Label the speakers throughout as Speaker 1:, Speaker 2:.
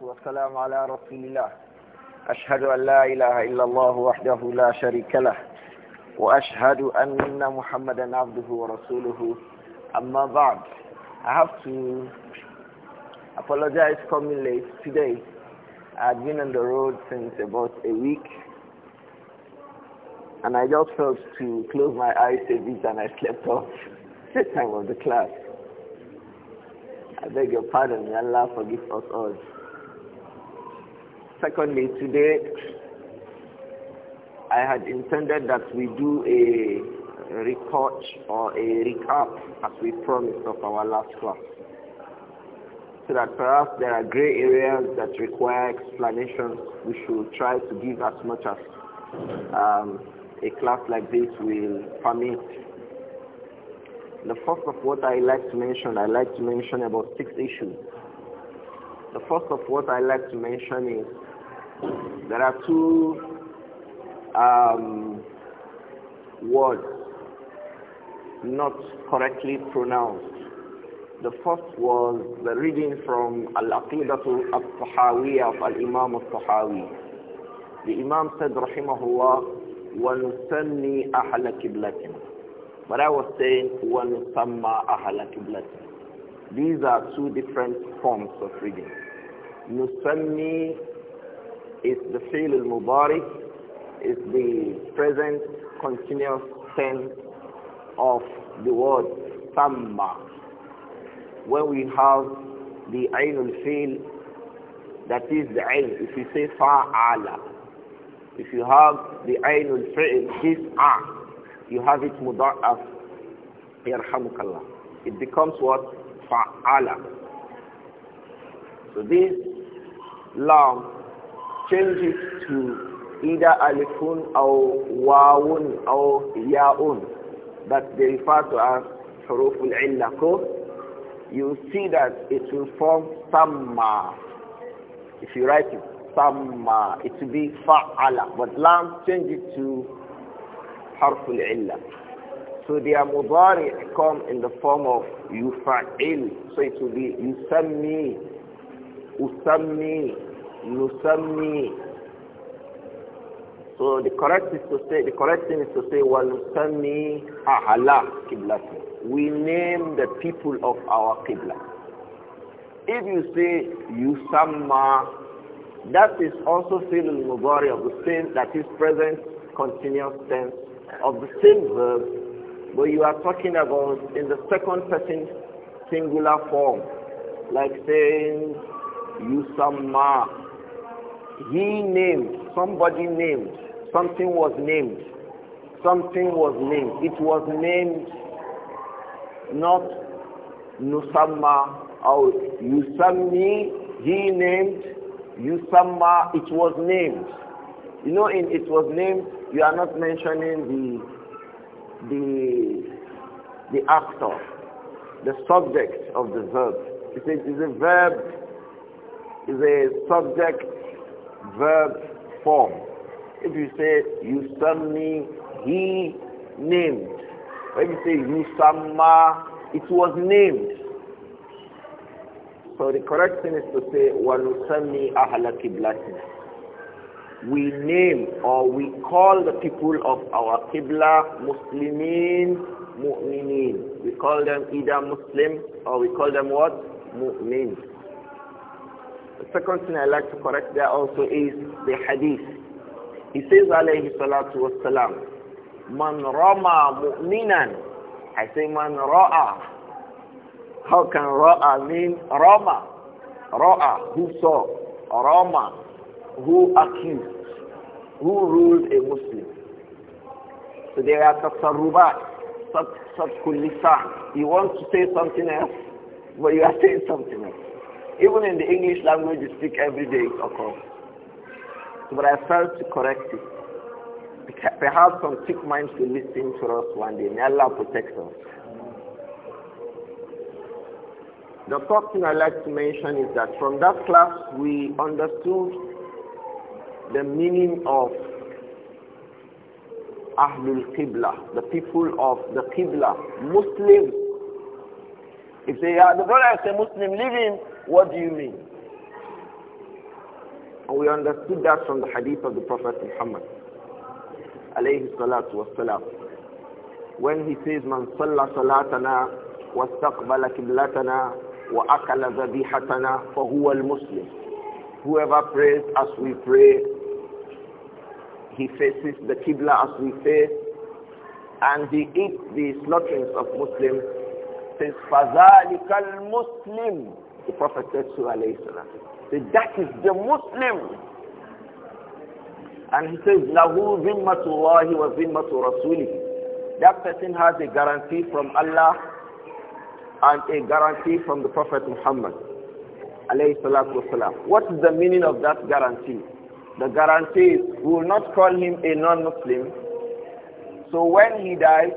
Speaker 1: والسلام على رسول الله أشهد أن لا إله إلا الله وحده لا شريك له وأشهد أن محمدا عبده ورسوله أما بعد I have to apologize for coming late today I've been on the road since about a week and I just felt to close my eyes a bit and I slept off the time of the class I beg your pardon, may Allah forgive us all. Secondly, today I had intended that we do a report or a recap as we promised of our last class. So that perhaps there are gray areas that require explanation. We should try to give as much as um, a class like this will permit. The first of what I like to mention, I like to mention about six issues. The first of what I like to mention is there are two um, words not correctly pronounced. The first was the reading from al aqidah al tahawi of Al-Imam Al-Tahawi. The Imam said, Rahimahullah, وَنُسَمِّي أَحْلَ كِبْلَةٍ But I was saying, وَنُسَمَّى أَحْلَ كِبْلَةٍ These are two different forms of reading. نُسَمِّي is the fi'l al Mu'bari is the present continuous tense of the word tamma. When we have the ayn al-fi'l, that is the ayn, if you say fa'ala. If you have the ayn al-fi'l, this a, you have it muda'af, yarhamukallah. It becomes what? Fa'ala. So this lam change it
Speaker 2: to
Speaker 1: either alifun or wawun or yaun that they refer to as huruful illako, you see that it will form samma. If you write it, samma, it will be fa'ala. But lam change it to harful illa. So their mudari come in the form of yufa'il. So it will be yusammi, usammi, Yusammi. So the correct is to say the correct thing is to say Walusami Ahala Kiblati. We name the people of our Qibla. If you say Yusama, that is also seen in Mubari of the same that is present continuous tense of the same verb, but you are talking about in the second person singular form, like saying Yusama. He named, somebody named, something was named, something was named. It was named not Nusamma or Yusammi, he named, Yusamma, it was named. You know in it was named, you are not mentioning the, the, the actor, the subject of the verb. It is a verb, is a subject verb form. If you say you me, he named. When you say Yusamma, it was named. So the correct thing is to say Wanusamni Ahala Qiblatina. We name or we call the people of our Qibla Muslimin Mu'minin. We call them either Muslim or we call them what? Mu'min second thing I like to correct there also is the hadith. He says, alayhi salatu wassalam, man rama mu'minan. I say man ra'a. How can ra'a mean rama? Ra'a, who saw. Rama, who accused. Who ruled a Muslim. So there are tasarrubat, such kulisa. You want to say something else, but you are saying something else. Even in the English language you speak every day, it occurs. But I failed to correct it. Perhaps some sick minds will listen to us one day. May Allah protect us. The first thing I'd like to mention is that from that class we understood the meaning of Ahlul Qibla, the people of the Qibla, Muslims. If they are, the brother is a Muslim, living. What do you mean? And we understood that from the hadith of the Prophet Muhammad alayhi salatu wasalam. When he says, Man salla salatana wa staqbala kiblatana wa akala zabihatana fahuwa al-Muslim. Whoever prays as we pray, he faces the Qibla as we face, and he eats the slaughterings of Muslims, says, فَذَلِكَ الْمُسْلِمُ the Prophet said to alayhi salam, that is the Muslim. And he says, Lahu zimmatullahi wa zimmatu rasulihi. That person has a guarantee from Allah and a guarantee from the Prophet Muhammad. Alayhi salatu wasalam. What is the meaning of that guarantee? The guarantee is we will not call him a non-Muslim. So when he dies,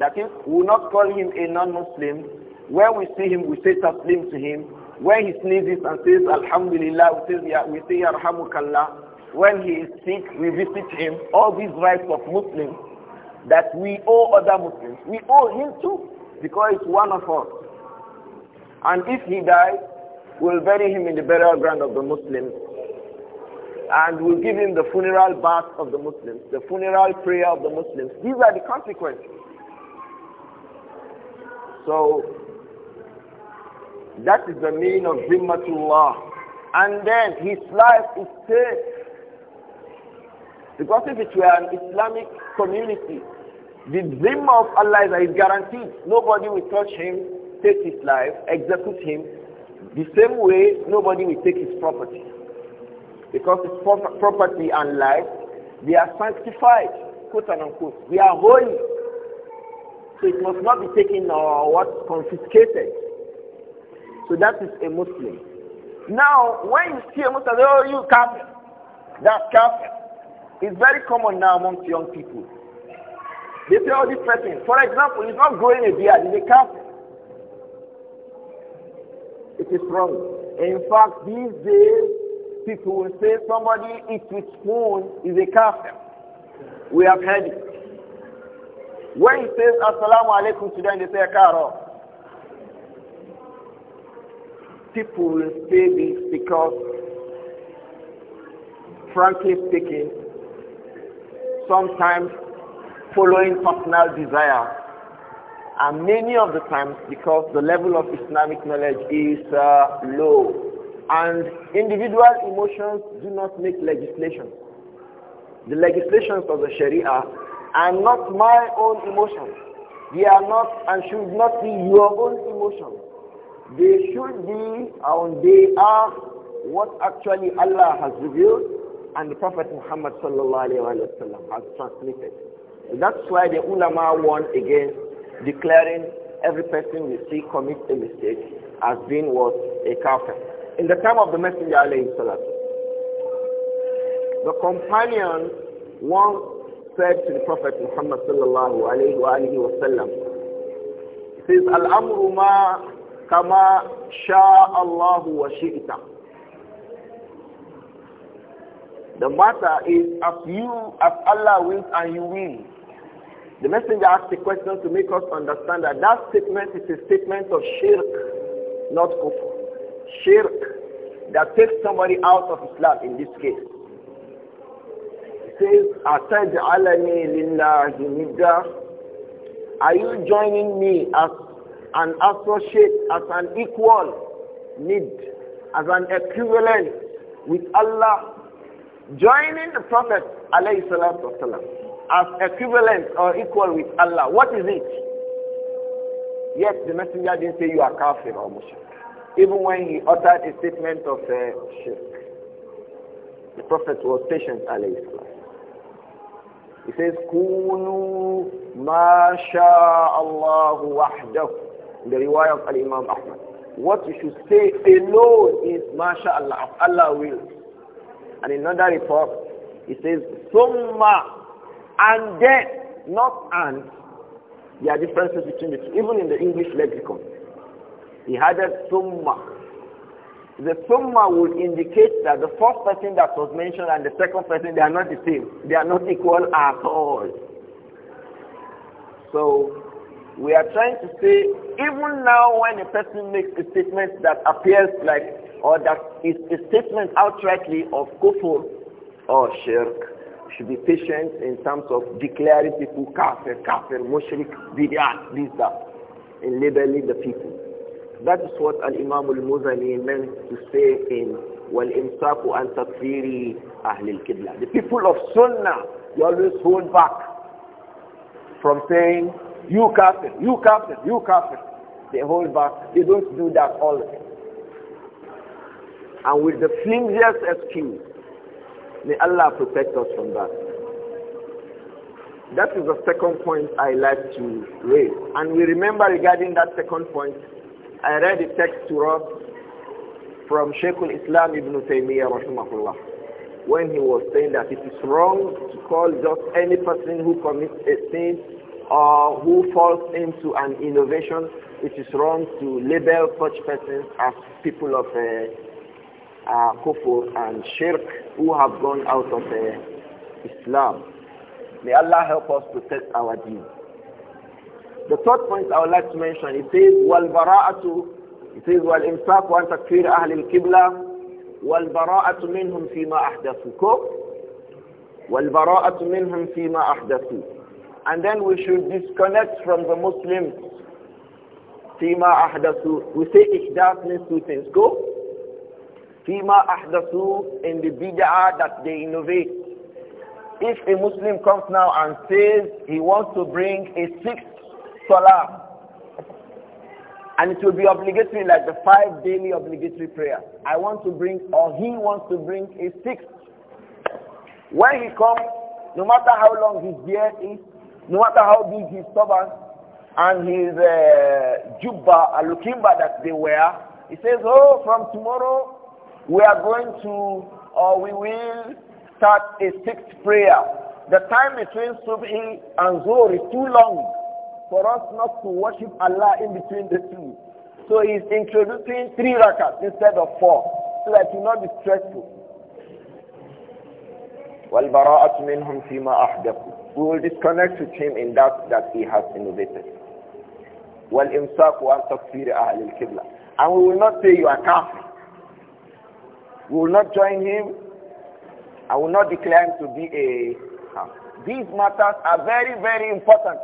Speaker 1: that is, we will not call him a non-Muslim when we see him, we say taslim to him. When he sneezes and says Alhamdulillah, we say, we say Yarhamukallah. When he is sick, we visit him. All these rights of Muslims that we owe other Muslims. We owe him too because it's one of us. And if he dies, we'll bury him in the burial ground of the Muslims. And we'll give him the funeral bath of the Muslims, the funeral prayer of the Muslims. These are the consequences. So that is the meaning of Zimmatullah. And then his life is safe. Because if it were an Islamic community, the Zimma of Allah is guaranteed. Nobody will touch him, take his life, execute him. The same way, nobody will take his property. Because his property and life, they are sanctified, quote and unquote. They are holy. So it must not be taken or uh, what confiscated. So that is a Muslim. Now, when you see a Muslim, oh, you kafir. That kafir. is very common now amongst young people. They say all these person. For example, he's not growing a beard, he's a kafir. It is wrong. In fact, these days, people will say somebody eats with spoon is a kafir. We have heard it. When he says, Assalamu alaikum to them, they say, Karo people will say this because, frankly speaking, sometimes following personal desire, and many of the times because the level of Islamic knowledge is uh, low, and individual emotions do not make legislation. The legislations of the Sharia are not my own emotions. They are not and should not be your own emotions. They should be and they are what actually Allah has revealed and the Prophet Muhammad sallallahu alaihi wasallam has transmitted. That's why the ulama warn against declaring every person you see commit a mistake as being what a kafir. In the time of the Messenger alayhi salatu, the companion once said to the Prophet Muhammad sallallahu alayhi wa sallam, says, Al-amru ma كما شاء الله وشئت The matter is as you, as Allah wills and you will. The messenger asked the question to make us understand that that statement is a statement of shirk, not kufr. Shirk that takes somebody out of Islam in this case. he says, Are you joining me as and associate as an equal need, as an equivalent with Allah, joining the Prophet والسلام, as equivalent or equal with Allah. What is it? Yes, the messenger didn't say you are kafir or mushrik. Even when he uttered a statement of uh, shirk, the Prophet was patient alayhi he says, كونوا ما شاء الله وحده in the riwayah of Al-Imam Ahmad. What you should say alone is, MashaAllah, Allah will. And in another report, he says, Summa, and then, not and. There are differences between the two, even in the English lexicon. He had a Summa. The Summa would indicate that the first person that was mentioned and the second person, they are not the same. They are not equal at all. So we are trying to say even now when a person makes a statement that appears like or that is a statement outrightly of kufr or shirk should be patient in terms of declaring people kafir, kafir, mushrik, bid'ah, this, that, in labeling the people. That is what Al-Imam Al-Muzani meant to say in وَالْإِمْسَاقُ أَنْ تَكْفِيرِ ahlil الْكِبْلَةِ The people of Sunnah, they always hold back from saying you captain, you captain, you captain. They hold back. They don't do that all the time. And with the flimsiest excuse, may Allah protect us from that. That is the second point I like to raise. And we remember regarding that second point, I read a text to us from Sheikh al-Islam ibn Taymiyyah rahimahullah when he was saying that it is wrong to call just any person who commits a sin or uh, who falls into an innovation, it is wrong to label such persons as people of uh, uh, kufur and shirk who have gone out of uh, Islam. May Allah help us protect our deen. The third point I would like to mention, it says, وَالْبَرَاءَةُ It says, وَالْإِمْسَاكُ وَأَنْ تَكْفِيرَ أَهْلِ الْكِبْلَةِ وَالْبَرَاءَةُ مِنْهُمْ فِي مَا أَحْدَثُوا وَالْبَرَاءَةُ مِنْهُمْ فِي مَا أَحْدَثُوا and then we should disconnect from the Muslims. Fima ahdathu. We say ihdath means two things. Go. Fima ahdathu in the bid'ah that they innovate. If a Muslim comes now and says he wants to bring a sixth salah, and it will be obligatory like the five daily obligatory prayer. I want to bring, or he wants to bring a sixth. When he comes, no matter how long his beard is, no matter how big his turban and his uh, jubba, alukimba that they wear, he says, oh, from tomorrow we are going to, or we will start a sixth prayer. The time between Subhi and Zuhr is too long for us not to worship Allah in between the two. So he's introducing three rakats instead of four, so that you not be stressful. وَالْبَرَاءَةُ مِنْهُمْ أَحْدَثُوا we will disconnect with him in that that he has innovated. Well, وَأَنْ تَكْفِيرِ أَهْلِ And we will not say you are kafir. We will not join him. I will not declare him to be a kafir. These matters are very, very important,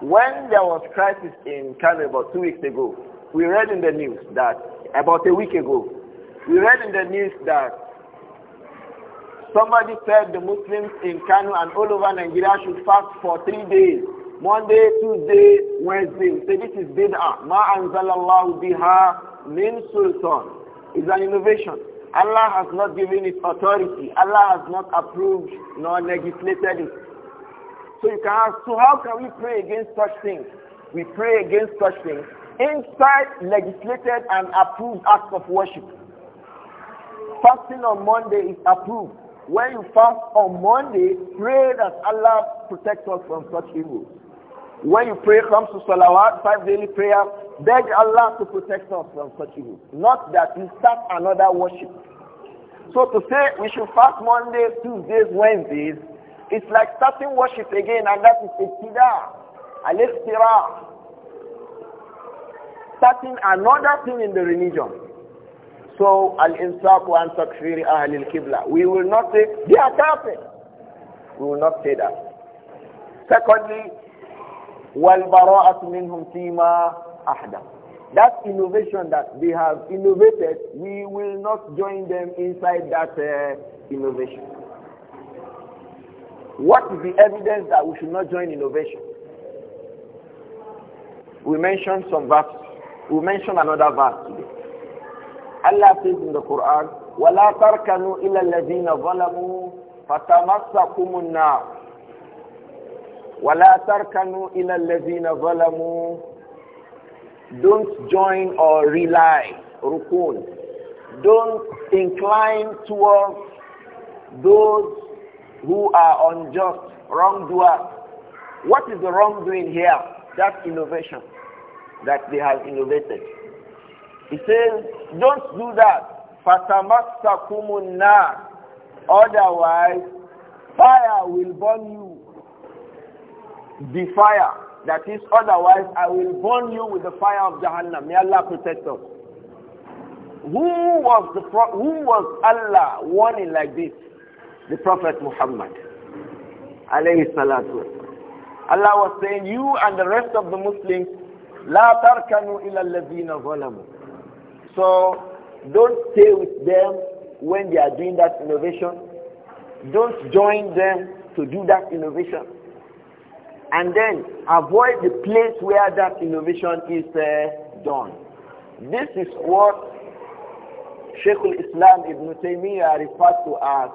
Speaker 1: When there was crisis in Canada about two weeks ago, we read in the news that, about a week ago, we read in the news that Somebody said the Muslims in Kano and all over Nigeria should fast for three days. Monday, Tuesday, Wednesday. Say this is bid'ah. Ma anzalallahu biha min sultan. It's an innovation. Allah has not given it authority. Allah has not approved nor legislated it. So you can ask, so how can we pray against such things? We pray against such things inside legislated and approved acts of worship. Fasting on Monday is approved. When you fast on Monday, pray that Allah protect us from such evil. When you pray, comes to salawat, five daily prayer, beg Allah to protect us from such evil. Not that you start another worship. So to say we should fast Monday, Tuesdays, Wednesdays, it's like starting worship again, and that is iktida, al-ikhtira. Starting another thing in the religion. So, al-insaq wa takfiri ahli al-qibla. We will not say, they are kafir. We will not say that. Secondly, وَالْبَرَاءَةُ مِنْهُمْ فِيمَا أَحْدَثُ That innovation that they have innovated, we will not join them inside that uh, innovation. What is the evidence that we should not join innovation? We mentioned some verses. We mentioned another verse today. Allah says in the Quran, وَلَا تَرْكَنُوا إِلَى الَّذِينَ ظَلَمُوا فَتَمَسَّكُمُ النَّارُ وَلَا تَرْكَنُوا إِلَى الَّذِينَ ظَلَمُوا Don't join or rely, rukun. Don't incline towards those who are unjust, wrongdoers. What is the wrongdoing here? That innovation that they have innovated. He says, don't do that. Fatamasakumun nar. Otherwise, fire will burn you. The fire. That is, otherwise I will burn you with the fire of Jahannam. May Allah protect us. Who was the who was Allah warning like this? The Prophet Muhammad. Alayhi salatu. Allah was saying, you and the rest of the Muslims, لا تركنوا إلى الذين ظلموا. So don't stay with them when they are doing that innovation. Don't join them to do that innovation. And then avoid the place where that innovation is uh, done. This is what sheik al-Islam Ibn Taymiyyah refers to as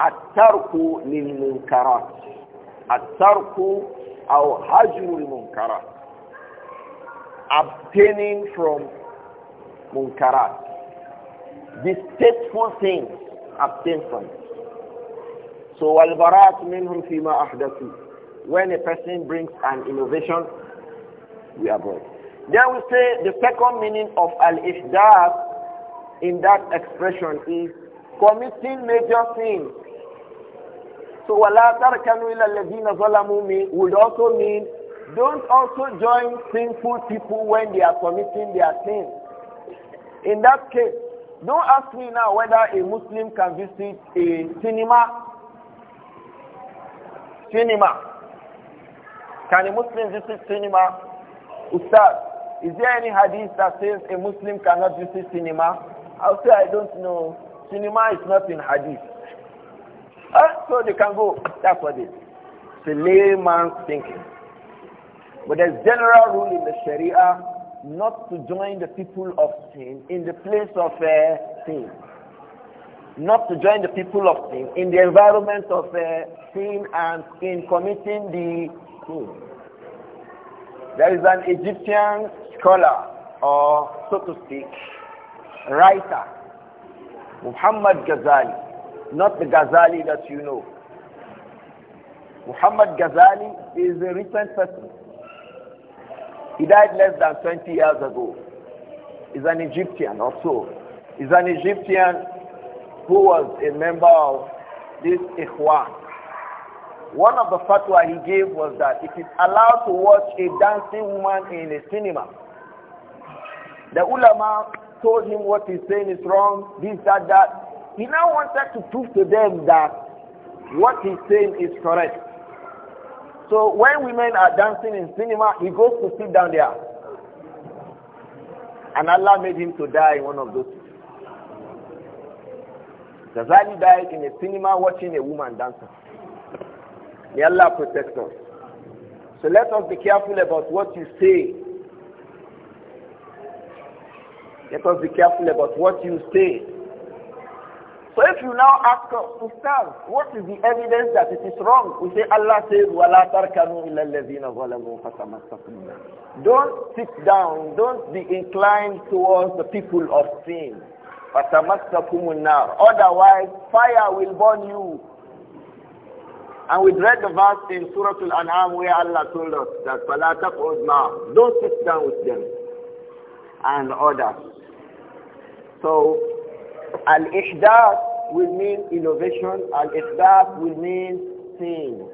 Speaker 1: at-tarku lil-munkarat. At-tarku أو هجر المنكرات abstaining from munkarat. Distasteful things, abstain from it. So al-barat minhum fima ahdathu. When a person brings an innovation, we avoid. Then we say the second meaning of al-ihdath in that expression is committing major sins. So wala tarkanu ila alladhina zalamu would also mean don't also join sinful people when they are committing their sins. In that case, don't ask me now whether a Muslim can visit a cinema. Cinema. Can a Muslim visit cinema? Ustad, is there any hadith that says a Muslim cannot visit cinema? I'll say I don't know. Cinema is not in hadith. Uh, so they can go. That's what it is. It's a layman's thinking. But there's general rule in the Sharia not to join the people of sin in the place of uh, sin. Not to join the people of sin in the environment of uh, sin and in committing the sin. There is an Egyptian scholar, or so to speak, writer, Muhammad Ghazali, not the Ghazali that you know. Muhammad Ghazali is a recent person he died less than 20 years ago. He's an Egyptian also. He's an Egyptian who was a member of this Ikhwan. One of the fatwa he gave was that it is allowed to watch a dancing woman in a cinema. The ulama told him what he's saying is wrong, this, that, that. He now wanted to prove to them that what he's saying is correct. So when women are dancing in cinema, he goes to sit down there. And Allah made him to die in one of those. Jazali died in a cinema watching a woman dancing. May Allah protect us. So let us be careful about what you say. Let us be careful about what you say. So if you now ask us, Ustaz, what is the evidence that it is wrong? We say Allah says, وَلَا تَرْكَنُوا إِلَّا الَّذِينَ ظَلَمُوا فَتَمَسَّكُمْ Don't sit down, don't be inclined towards the people of sin. فَتَمَسَّكُمُ النَّارِ Otherwise, fire will burn you. And we read the verse in Surah Al-An'am where Allah told us that فَلَا مَعَهُمْ Don't sit down with them and others. So Al-ihdath will mean innovation. Al-ihdath will mean sin.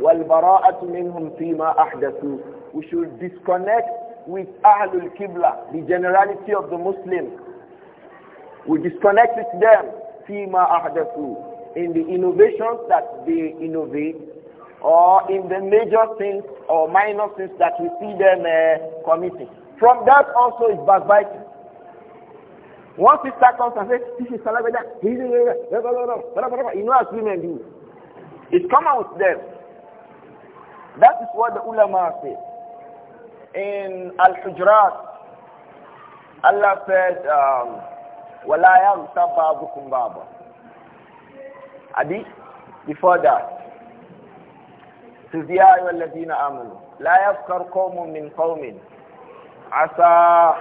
Speaker 1: وَالْبَرَاءَةُ مِنْهُمْ فِي مَا أَحْدَثُوا We should disconnect with Ahlul Qibla, the generality of the Muslims. We disconnect with them فِي مَا أَحْدَثُوا In the innovations that they innovate or in the major things or minor things that we see them uh, committing. From that also is backbiting. One sister comes and says, this is Salabeda, he's in You know as women do. It comes out there. That is what the ulama say. In Al-Hujrat, Allah said, um, وَلَا يَغْتَبْ بَعْضُكُمْ بَعْضًا Adi, before that, says, wa أَيُّهَا الَّذِينَ آمَنُوا لَا يَفْكَرْ قَوْمٌ مِّنْ قَوْمٍ عَسَىٰ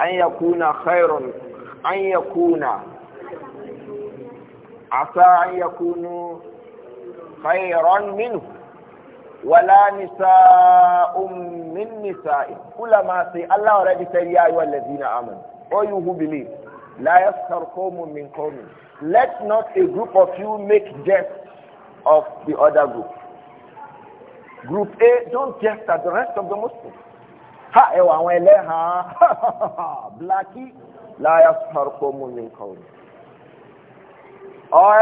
Speaker 1: أَن يَكُونَ خَيْرٌ أن يكون asa أن يكونوا خيرا منه ولا نساء من نساء كلما سي الله already said ya أيها الذين آمنوا or you who believe لا يسخر قوم من قوم let not a group of you make jest of the other group group A don't jest at the rest of the Muslims ha ewa àwọn ha blackie لا يصهر قوم من قوم Or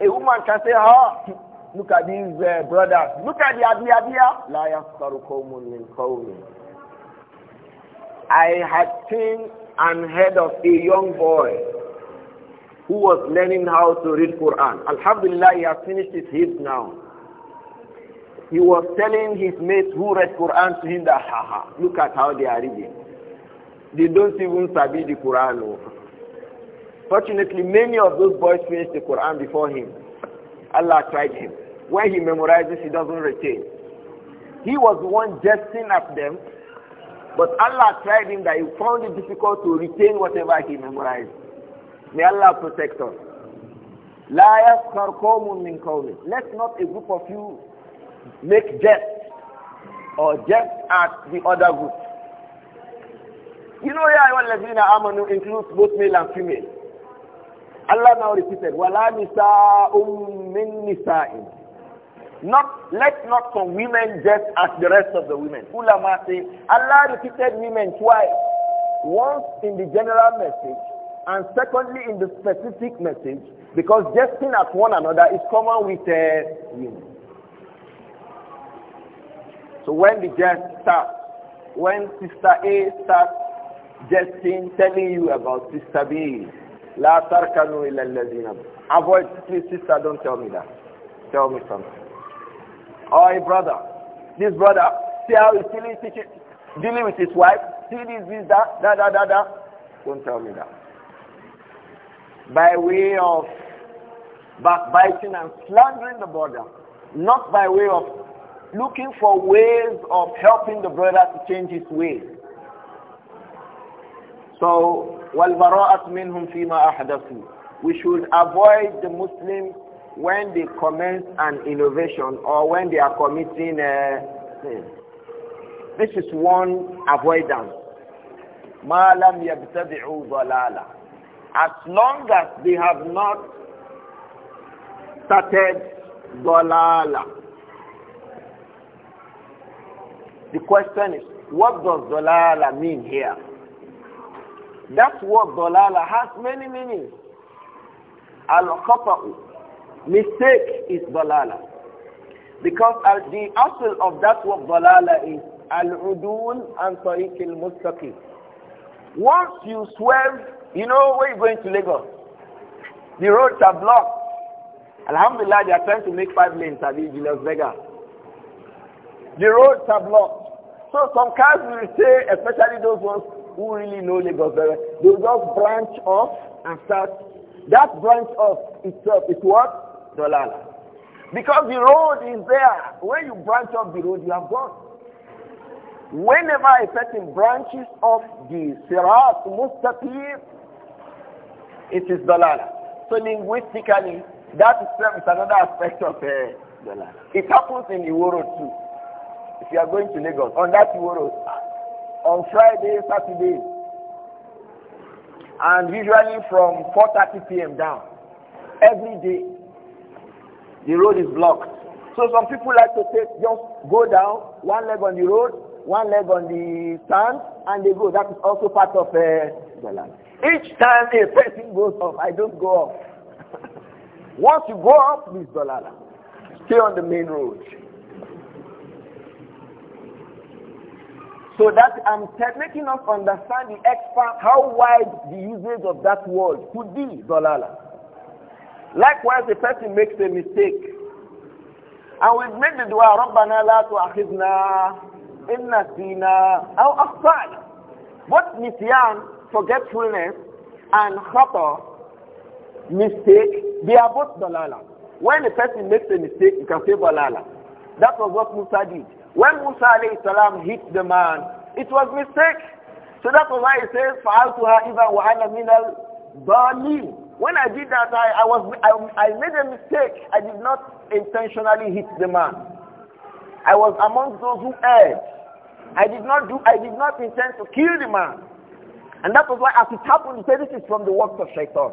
Speaker 1: a woman can say, oh, look at these uh, brothers, look at the Abia Abia. لا يصهر قوم من قوم. I had seen and heard of a young boy who was learning how to read Quran. Alhamdulillah, he has finished his hip now. He was telling his mates who read Quran to him that, "Ha ha! look at how they are reading. They don't even study the Quran. Oh. Fortunately, many of those boys finished the Quran before him. Allah tried him. When he memorizes, he doesn't retain. He was the one jesting at them, but Allah tried him that he found it difficult to retain whatever he memorized. May Allah protect us. Let not a group of you make jest or jest at the other group. You know, Ya Ayyuhal Ladina Amanu includes both male and female. Allah now repeated, Wala nisa'um min nisa'in. Not, let not some women just as the rest of the women. Ulama say, Allah repeated women twice. Once in the general message, and secondly in the specific message, because jesting at one another is common with uh, women. So when the jest starts, when Sister A starts Justin, telling you about Sister B. La tarkanu ila alladhina. Avoid, please sister, don't tell me that. Tell me something. Oh, brother, this brother, see how he's still dealing with his wife. See this, this, that, da, da, da, da. Don't tell me that. By way of backbiting and slandering the brother, not by way of looking for ways of helping the brother to change his ways. So, وَالْبَرَاءَةُ مِنْهُمْ فِيمَا أَحْدَثُوا We should avoid the Muslims when they commence an innovation or when they are committing a uh, sin. Hmm. This is one avoidance. مَا لَمْ يَبْتَدِعُوا ضَلَالًا As long as they have not started ضَلَالًا The question is, what does dalala mean here? That word dalala has many meanings. Al-khata'u, mistake is dalala. Because the asul of that word dalala is al-udul and tariq al-mustaqim. Once you swerve, you know where you're going to Lagos. The roads are blocked. Alhamdulillah, they are trying to make five lanes at the Las Vegas. The roads are blocked. So some cars will say, especially those ones who really know Lagos very well, they just branch off and start. That branch off itself is what? Dolala. Because the road is there. When you branch off the road, you have gone. Whenever a person branches off the Sirat Mustaqim, it is Dolala. So linguistically, that itself is another aspect of uh, Dolala. It happens in Iworo too. If you are going to Lagos, on that Iworo, on Friday, Saturday, and usually from 4.30 p.m. down. Every day, the road is blocked. So some people like to take, just go down, one leg on the road, one leg on the sand, and they go. That is also part of uh, the land. Each time a person goes up, I don't go up. Once you go up, please Dolala, stay on the main road. So that I'm making us understand the expert how wide the usage of that word could be, dolala. Likewise, a person makes a mistake. And we've made the dua, رَبَّنَا la تُعَخِذْنَا إِنَّ سِينَا أَوْ أَخْطَأْنَا Both nisyan, forgetfulness, and khata, mistake, they are both dalala. When a person makes a mistake, you can say dalala. That was what Musa did. When Musa alayhi salam hit the man, it was mistake. So that's why he says, فَعَلْتُهَا إِذَا وَأَنَا مِنَ الضَّالِينَ When I did that, I, I was, I, I made a mistake. I did not intentionally hit the man. I was amongst those who erred. I did not do, I did not intend to kill the man. And that was why as it happened, he said, this is from the works of shaitan.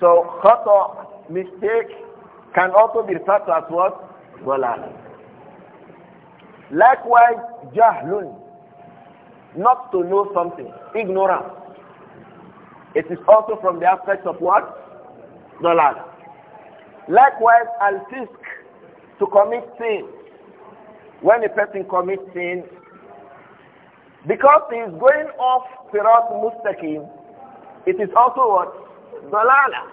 Speaker 1: So, khata, mistake, can also be referred to as what? ضلالة Likewise, jahlun, not to know something, ignorance. It is also from the aspect of what? Dolala. Likewise, al-fisk, to commit sin. When a person commits sin, because he is going off Sirat Mustaqim, it is also what? Dolala,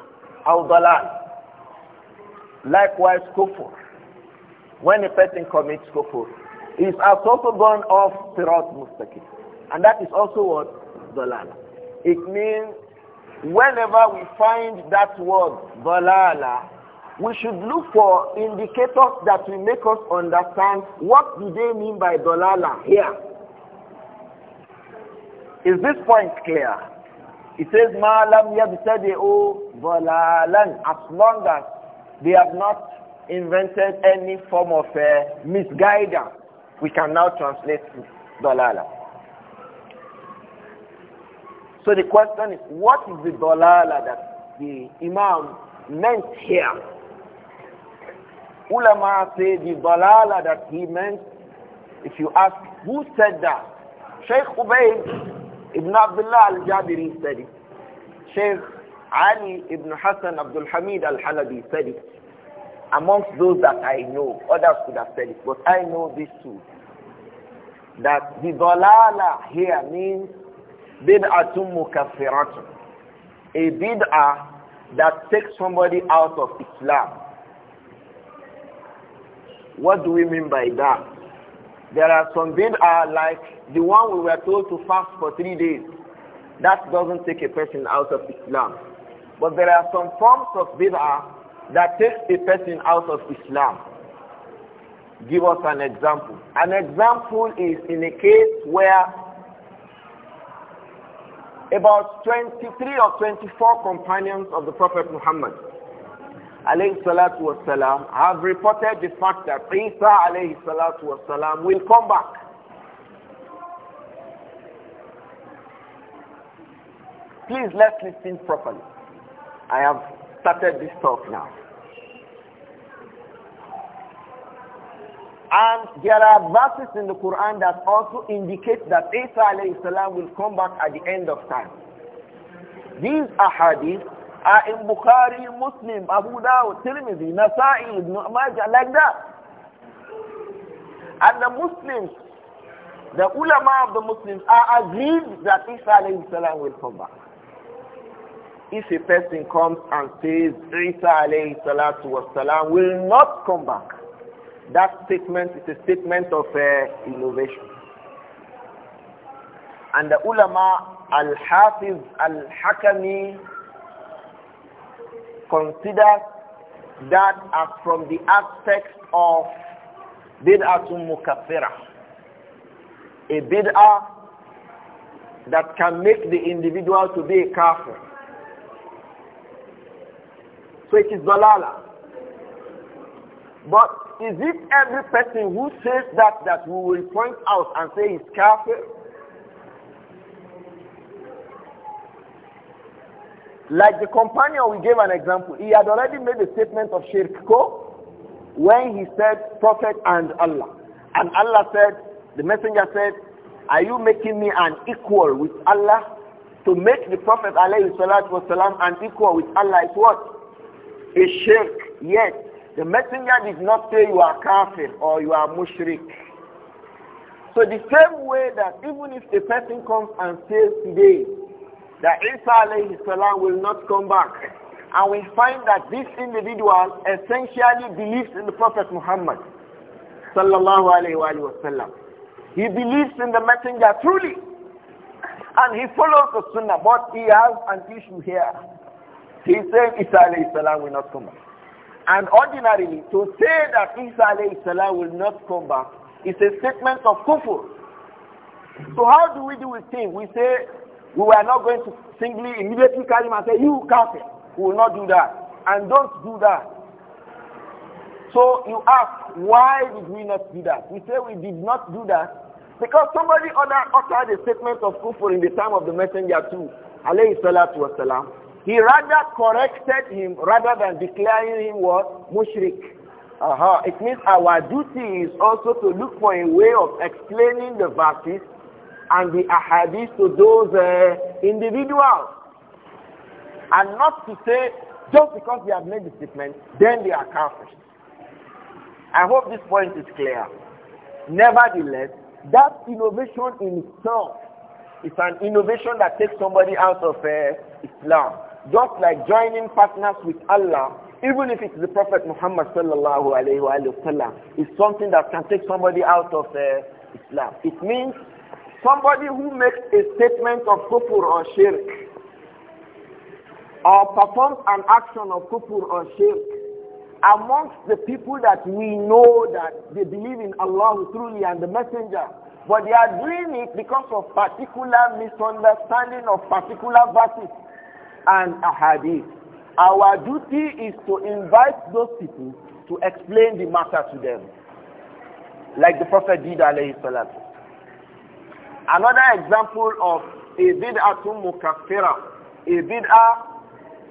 Speaker 1: or Dalal. Likewise, kufur when a person commits kufr, is has also gone off sirat mustaqim. And that is also what dalala. It means whenever we find that word dalala, we should look for indicators that will make us understand what do they mean by dalala here. Is this point clear? It says, "Ma lam yabtadi'u dalalan," as long as they have not invented any form of uh, misguidance, we can now translate dalala. So the question is, what is the dalala that the Imam meant here? Ulama say the dalala that he meant, if you ask who said that, Sheikh Ubayd ibn Abdullah al-Jabiri said it. Sheikh Ali ibn Hassan Abdul Hamid al-Halabi said it amongst those that I know, others could have said it, but I know this too: That the dalala here means bid'atun mukaffiratun. A bid'ah that takes somebody out of Islam. What do we mean by that? There are some bid'ah like the one we were told to fast for three days. That doesn't take a person out of Islam. But there are some forms of bid'ah that takes a person out of Islam. Give us an example. An example is in a case where about 23 or 24 companions of the Prophet Muhammad alayhi salatu wasalam, have reported the fact that Isa alayhi salatu wasalam will come back. Please let's listen properly. I have started this talk now. And there are verses in the Quran that also indicate that Isa alayhi salam will come back at the end of time. These ahadith are in Bukhari, Muslim, Abu Dawud, Tirmidhi, Nasa'i, Ibn Majah, like that. And the Muslims, the ulama of the Muslims are agreed that Isa alayhi salam will come back. If a person comes and says Isa alayhi salatu salam will not come back, that statement is a statement of uh, innovation. And the ulama Al-Hafiz Al-Hakami considers that as from the aspect of bid'atun mukaffira. A bid'ah that can make the individual to be a kafir. So it is dalala. But is it every person who says that that we will point out and say is kafir? Like the companion, we gave an example. He had already made a statement of shirk when he said prophet and Allah. And Allah said, the messenger said, are you making me an equal with Allah? To make the prophet alayhi salatu an equal with Allah is what? A shirk, yes. The messenger did not say you are kafir or you are mushrik. So the same way that even if a person comes and says today that Isa alayhi salam will not come back, and we find that this individual essentially believes in the Prophet Muhammad sallallahu alayhi wa He believes in the messenger truly, and he follows the sunnah, but he has an issue here. He says Isa alayhi salam will not come back. And ordinarily, to say that Isa salam will not come back is a statement of kufur. So how do we do with things? We say we are not going to singly immediately carry him and say, you kafir. We will not do that. And don't do that. So you ask, why did we not do that? We say we did not do that because somebody other uttered a statement of kufur in the time of the messenger too, alayhi salatu wasalam. He rather corrected him rather than declaring him what? Mushrik. Uh -huh. It means our duty is also to look for a way of explaining the verses and the ahadith to those uh, individuals. And not to say, just because they have made the statement, then they are cursed. I hope this point is clear. Nevertheless, that innovation in itself is an innovation that takes somebody out of uh, Islam. Just like joining partners with Allah, even if it's the Prophet Muhammad sallallahu alayhi wa sallam, is something that can take somebody out of uh, Islam. It means somebody who makes a statement of kufr or shirk, or performs an action of kufr or shirk, amongst the people that we know that they believe in Allah truly and the messenger, but they are doing it because of particular misunderstanding of particular verses and ahadith. Our duty is to invite those people to explain the matter to them. Like the Prophet did alayhi salatu. Another example of a bid'atun mukaffira, a bid'ah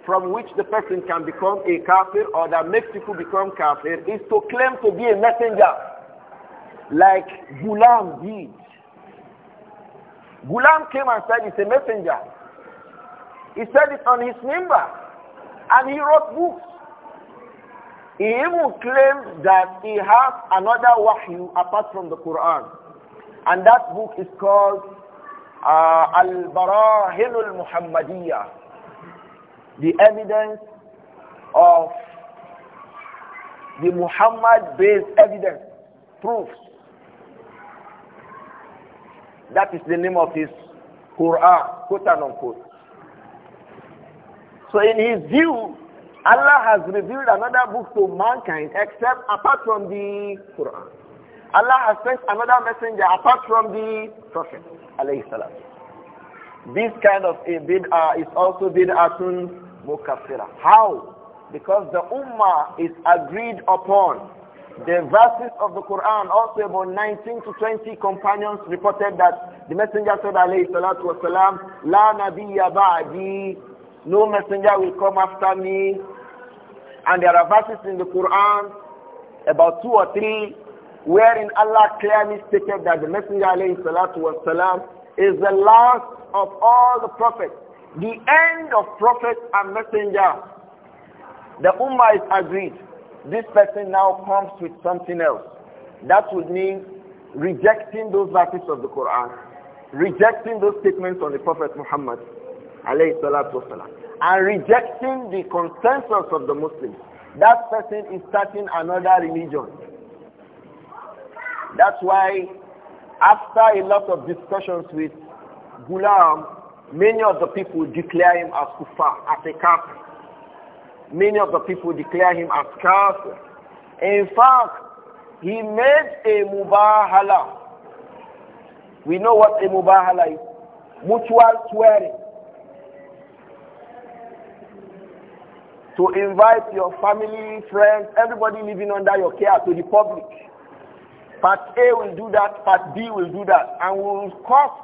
Speaker 1: from which the person can become a kafir or that makes people become kafir is to claim to be a messenger like Gulam did. Gulam came and said he's a messenger. He said it on his member. And he wrote books. He even claimed that he has another wahyu apart from the Quran. And that book is called uh, Al-Barahin al-Muhammadiyah. The evidence of the Muhammad-based evidence, proofs. That is the name of his Quran, quote and unquote. So in his view, Allah has revealed another book to mankind except apart from the Quran. Allah has sent another messenger apart from the Prophet. This kind of a bid'ah is also bid'atun mukaffira. How? Because the ummah is agreed upon. The verses of the Quran, also about 19 to 20 companions reported that the Messenger said, alayhi salatu wasalam, La nabiyya ba'di no messenger will come after me. And there are verses in the Quran, about two or three, wherein Allah clearly stated that the messenger alayhi is the last of all the prophets, the end of prophets and messengers. The Ummah is agreed. This person now comes with something else. That would mean rejecting those verses of the Quran, rejecting those statements on the Prophet Muhammad alayhi salatu wasalam, and rejecting the consensus of the Muslims, that person is starting another religion. That's why after a lot of discussions with Ghulam, many of the people declare him as kufar, as a kafir. Many of the people declare him as kafir. In fact, he made a mubahala. We know what a mubahala is. Mutual swearing. to invite your family, friends, everybody living under your care to the public. Part A will do that, part B will do that, and will cause,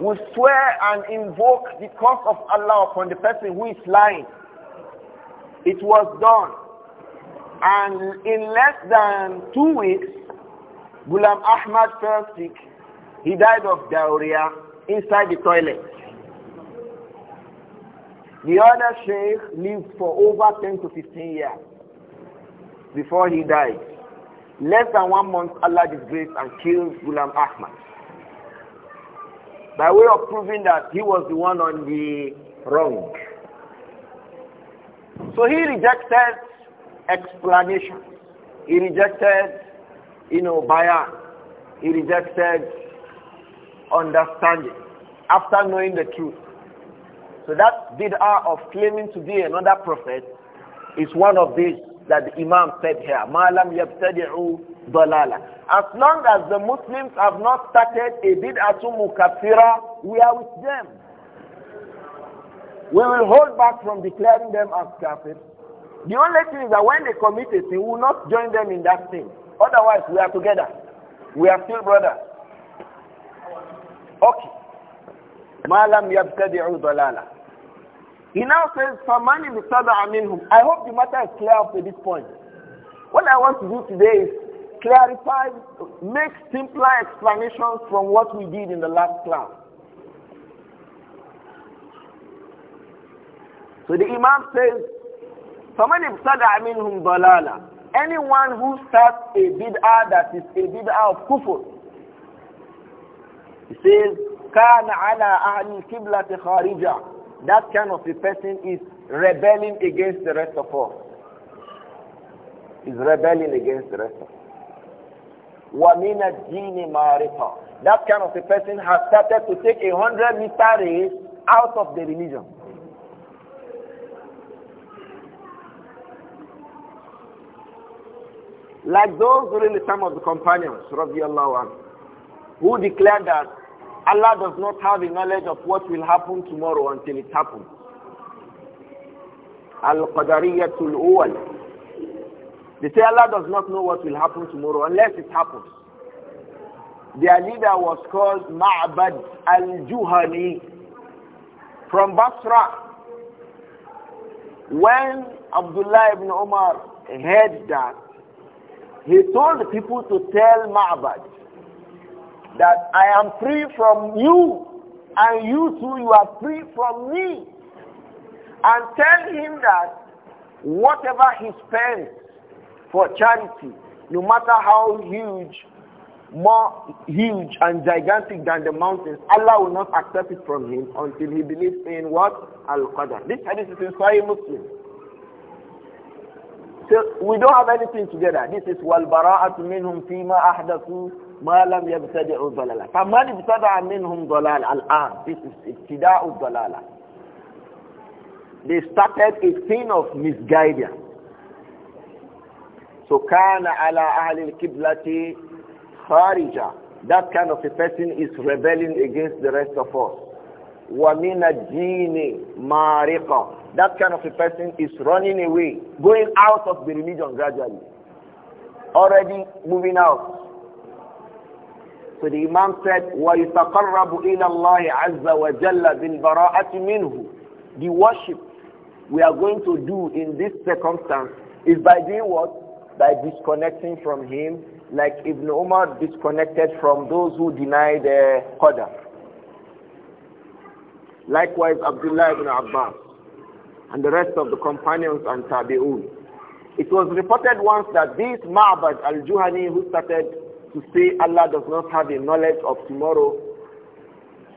Speaker 1: will swear and invoke the curse of Allah upon the person who is lying. It was done. And in less than two weeks, Ghulam Ahmad fell sick. He died of diarrhea inside the toilet. The other sheikh lived for over 10 to 15 years before he died. Less than one month, Allah disgraced and killed Ghulam Ahmad. By way of proving that he was the one on the wrong. So he rejected explanation. He rejected, you know, bayan. He rejected understanding after knowing the truth. So that bid'ah of claiming to be another prophet is one of these that the Imam said here. Malam yabtadi'u dalala. As long as the Muslims have not started a bid'atu mukaffira, we are with them. We will hold back from declaring them as kafir. The only thing is that when they commit a sin, we will not join them in that sin. Otherwise, we are together. We are still brothers. Okay. Malam yabtadi'u dalala. He now says, Famani Mutada Aminhum. I hope the matter is clear up to this point. What I want to do today is clarify, make simpler explanations from what we did in the last class. So the Imam says, فَمَنْ ابْتَدَعَ مِنْهُمْ balala." Anyone who starts a bid'ah that is a bid'ah of kufr. He says, كَانَ ala أَهْلِ الْكِبْلَةِ خَارِجًا that kind of a person is rebelling against the rest of us. Is rebelling against the rest of us. That kind of a person has started to take a hundred meter race out of the religion. Like those during the time of the companions, radiallahu anhu, who declared that Allah does not have a knowledge of what will happen tomorrow until it happens. Al-Qadariyatul Uwal. They say Allah does not know what will happen tomorrow unless it happens. Their leader was called Ma'bad al-Juhani from Basra. When Abdullah ibn Omar heard that, he told the people to tell Ma'bad that I am free from you and you too you are free from me. And tell him that whatever he spends for charity, no matter how huge, more huge and gigantic than the mountains, Allah will not accept it from him until he believes in what? Al-Qadr. This hadith is in Sahih Muslim. So we don't have anything together. This is وَالْبَرَاءَةُ مِنْهُمْ فِي Ma أَحْدَثُوا ما لم يبتدع ضلالا فمن ابتدع منهم ضلال this is ابتداء الضلالة they started a thing of misguidance so كان على al القبلة خارجا that kind of a person is rebelling against the rest of us wa ومن الدين مارقة that kind of a person is running away going out of the religion gradually already moving out so the Imam said, وَيُتَقَرَّبُ إِلَى اللَّهِ عَزَّ وَجَلَّ بِالْبَرَاءَةِ مِنْهُ The worship we are going to do in this circumstance is by doing what? By disconnecting from Him, like Ibn Umar disconnected from those who denied the uh, Qadr. Likewise, Abdullah ibn Abbas and the rest of the companions and Tabi'un. It was reported once that this Ma'bad al-Juhani who started to say Allah does not have a knowledge of tomorrow,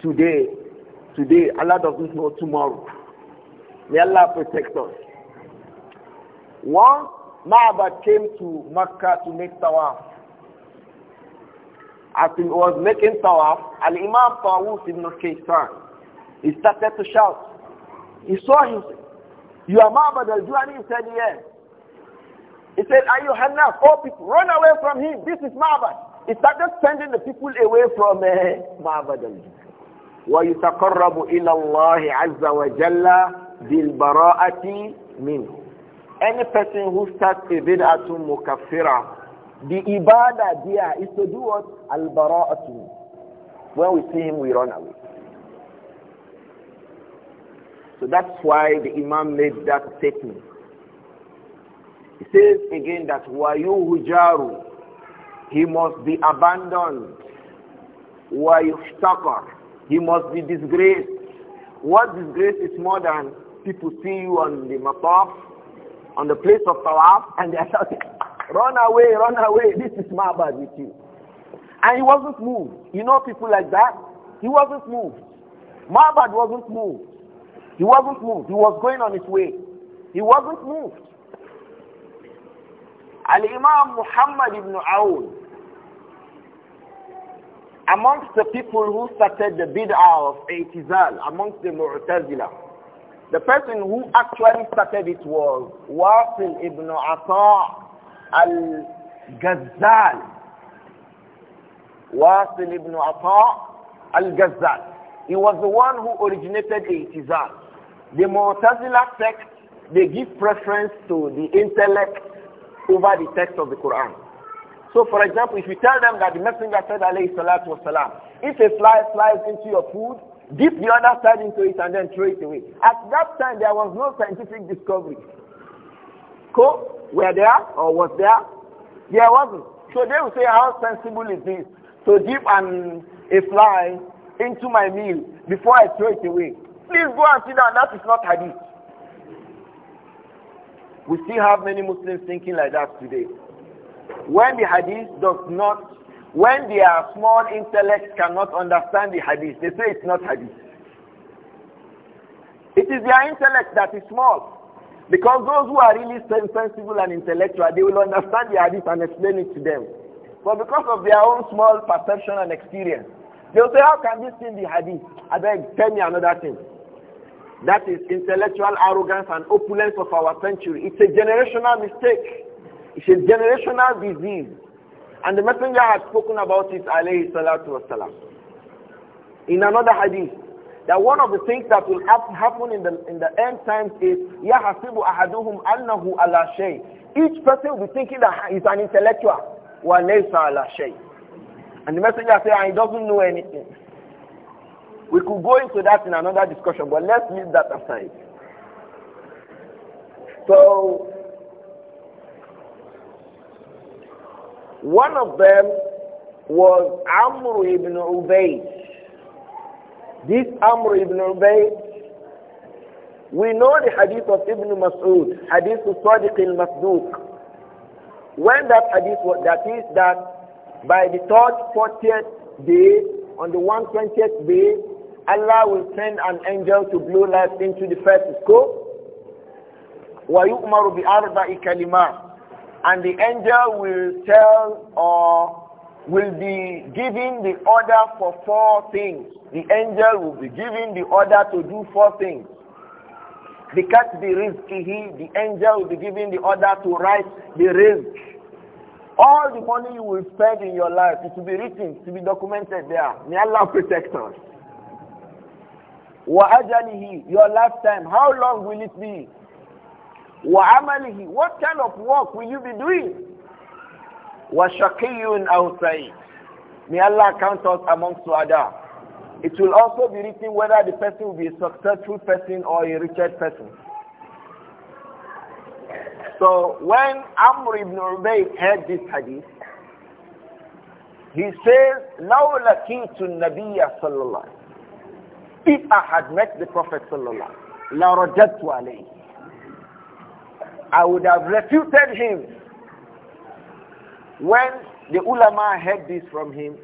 Speaker 1: today, today, Allah doesn't know tomorrow. May Allah protect us. One, Ma'abad came to Makkah to make tawaf, as he was making tawaf, Al-Imam Tawus ibn Kaysan, he started to shout. He saw him. You are Ma'abad al-Juhani? He said, yes. He said, Ayyuhannas, all people, run away from him. This is Ma'bad. He started sending the people away from uh, Ma'bad وَيُتَقَرَّبُ إِلَى اللَّهِ عَزَّ وَجَلَّ بِالْبَرَاءَةِ مِنْهُ Any person who starts a bid'ah mukaffira, the ibadah there is to do what? Al-bara'atu. When we see him, we run away. So that's why the Imam made that statement. He says again that you, Hujaru? He must be abandoned. وَيُحْتَقَرْ He must be disgraced. What disgrace is more than people see you on the mataf, on the place of tawaf, and they are shouting, run away, run away, this is my bad with you. And he wasn't moved. You know people like that? He wasn't moved. Mabad wasn't moved. He wasn't moved. He was going on his way. He wasn't moved. Al-Imam Muhammad ibn Aoun, amongst the people who started the bid'ah of Aitizal, amongst the Mu'tazila, the person who actually started it was Wasil ibn Ata al-Ghazal. Wasil ibn Ata al-Ghazal. He was the one who originated Aitizal. The Mu'tazila sect, they give preference to the intellect over the text of the Quran. So for example, if you tell them that the messenger said alayhi salatu wasalam, if a fly flies into your food, dip the other side into it and then throw it away. At that time there was no scientific discovery. Co, were there or was there? There wasn't. So they will say, how sensible is this? To dip an, a fly into my meal before I throw it away. Please go and see that that is not hadith. We still have many Muslims thinking like that today. When the hadith does not, when their small intellect cannot understand the hadith, they say it's not hadith. It is their intellect that is small. Because those who are really sensible and intellectual, they will understand the hadith and explain it to them. But because of their own small perception and experience, they'll say, how can this thing be hadith? I beg, tell me another thing. That is intellectual arrogance and opulence of our century. It's a generational mistake. It's a generational disease. And the messenger has spoken about it, alayhi salatu wasalam. In another hadith, that one of the things that will happen in the, in the end times is, يَحَسِبُ أَحَدُهُمْ أَنَّهُ عَلَى شَيْءٍ Each person will be thinking that he's an intellectual. وَلَيْسَ عَلَى شَيْءٍ And the messenger said, he doesn't know anything. We could go into that in another discussion, but let's leave that aside. So, one of them was Amr ibn Ubayd. This Amr ibn Ubayd, we know the hadith of Ibn Mas'ud, hadith of Sadiq al-Masduq. When that hadith was, that is that by the third, fortieth day, on the 120th day, Allah will send an angel to blow life into the first scope. وَيُؤْمَرُ بِأَرْبَعِ كَلِمَاتٍ And the angel will tell or will be giving the order for four things. The angel will be giving the order to do four things. Because the rizqihi, the angel will be giving the order to write the risk. All the money you will spend in your life, it will be written, to be documented there. May Allah protect us. وَأَجَلِهِ Your lifetime, how long will it be? وَعَمَلِهِ What kind of work will you be doing? وَشَقِيٌّ أَوْ سَعِيدٌ May Allah count us amongst Suada. It will also be written whether the person will be a successful person or a rich person. So when Amr ibn Ubayd heard this hadith, he says, لَوْ لَكِيتُ النَّبِيَّ صَلَّى اللَّهِ if I had met the Prophet sallallahu alaihi wasallam, I would have refuted him. When the ulama heard this from him,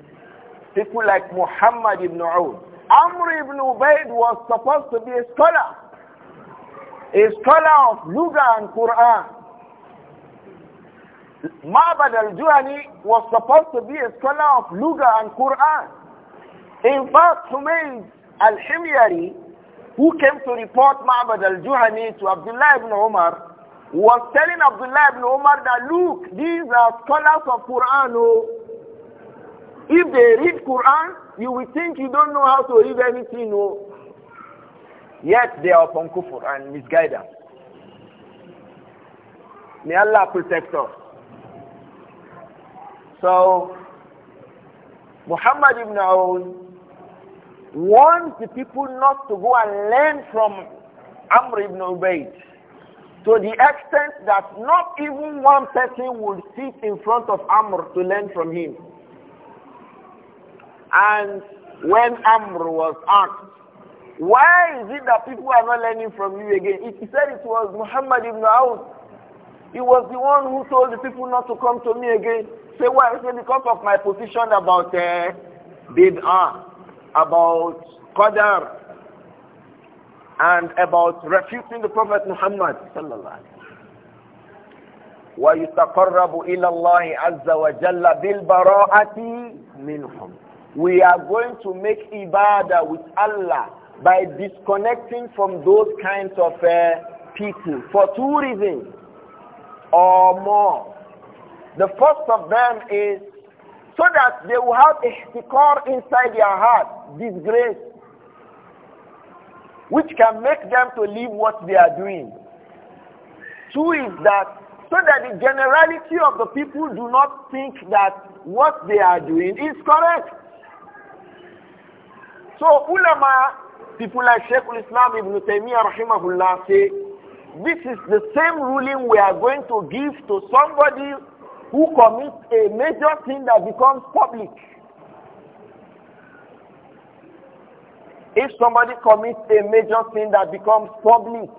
Speaker 1: people like Muhammad ibn Aoud, Amr ibn Ubaid was supposed to be a scholar, a scholar of Luga and Quran. Ma'bad al-Juhani was supposed to be a scholar of Luga and Quran. In fact, me. Al-Himyari, who came to report Ma'bad al-Juhani to Abdullah ibn Umar, was telling Abdullah ibn Umar that look, these are scholars of Quran Oh, if they read Quran, you will think you don't know how to read anything. Oh, Yet they are upon kufr and misguided. May Allah protect us. So, Muhammad ibn Aoun warns the people not to go and learn from Amr ibn Ubaid to the extent that not even one person would sit in front of Amr to learn from him. And when Amr was asked, why is it that people are not learning from you again? He said it was Muhammad ibn Aus. He was the one who told the people not to come to me again. Say why? He said because of my position about uh, bid'ah about Qadar and about refuting the Prophet Muhammad وَيُتَقَرَّبُ إِلَى اللَّهِ عَزَّ وَجَلَّ بِالْبَرَاءَةِ مِنْهُمْ We are going to make ibadah with Allah by disconnecting from those kinds of uh, people for two reasons or more. The first of them is so that they will have ihtikar inside their heart, disgrace, which can make them to leave what they are doing. Two is that so that the generality of the people do not think that what they are doing is correct. So ulama, people like Sheikh al-Islam ibn Taymiyyah rahimahullah say, this is the same ruling we are going to give to somebody who commits a major sin that becomes public. If somebody commits a major sin that becomes public,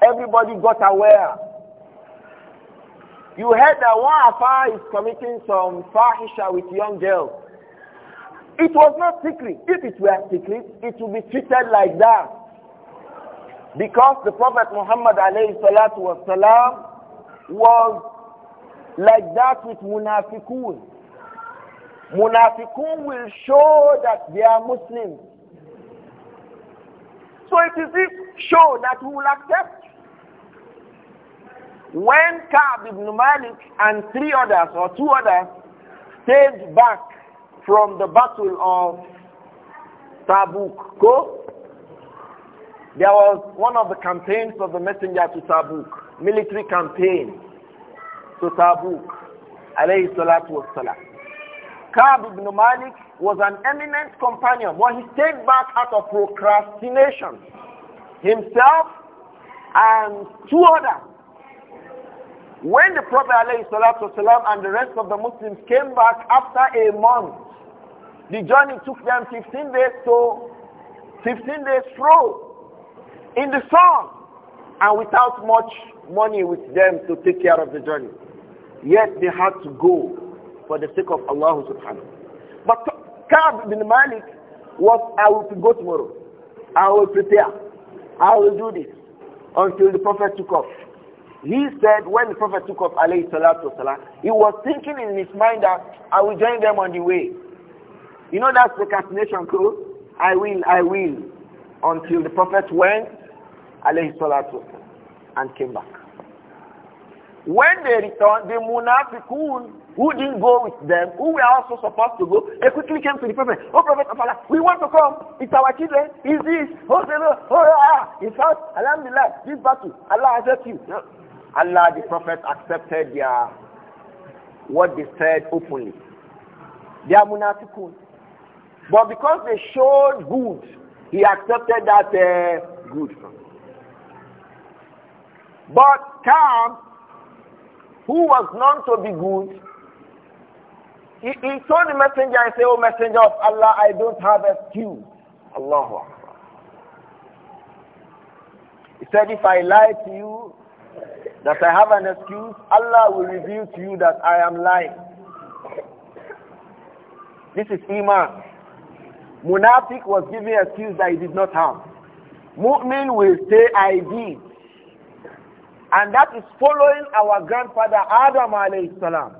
Speaker 1: everybody got aware. You heard that one Afa is committing some fahisha with young girls. It was not secret. If it were secret, it would be treated like that. Because the Prophet Muhammad والسلام, was like that with munafiqun. Munafiqun will show that they are Muslims. So it is this show that we will accept. When Ka'b ibn Malik and three others or two others stayed back from the battle of Tabuk, Ko, there was one of the campaigns of the messenger to Tabuk, military campaign to Tabuk, alayhi salatu wassalam. Kab ibn Malik was an eminent companion, but he stayed back out of procrastination. Himself and two others. When the Prophet alayhi والسلام, and the rest of the Muslims came back after a month, the journey took them 15 days to 15 days through in the sun and without much money with them to take care of the journey. Yet they had to go for the sake of Allah subhanahu. But Ka'b bin Malik was, I will go tomorrow. I will prepare. I will do this until the Prophet took off. He said when the Prophet took off, alayhi salatu wasalam, he was thinking in his mind that I will join them on the way. You know that's procrastination code? I will, I will. Until the Prophet went alayhi salatu and came back. When they returned, the munafiqun who didn't go with them, who were also supposed to go, they quickly came to the Prophet. Oh, Prophet of Allah, we want to come. It's our children. Is this. Oh, oh, ah, ah. In fact, Alhamdulillah, this battle, Allah has helped you. Allah, the Prophet, accepted their, what they said openly. They are munafiqun. But because they showed good, he accepted that uh, good from but Kaab, who was known to be good, he, he told the messenger, I say, O oh, messenger of Allah, I don't have excuse. Allah He said, if I lie to you that I have an excuse, Allah will reveal to you that I am lying. This is Iman. Munafiq was giving excuse that he did not have. Mu'min will say, I did. And that is following our grandfather Adam alayhi salam.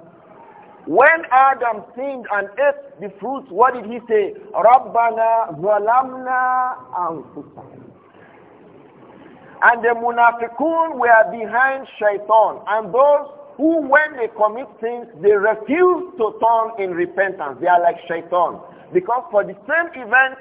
Speaker 1: When Adam sinned and ate the fruit, what did he say? Rabbana zalamna anfusana. And the munafiqun were behind shaitan. And those who, when they commit sins, they refuse to turn in repentance. They are like shaitan. Because for the same event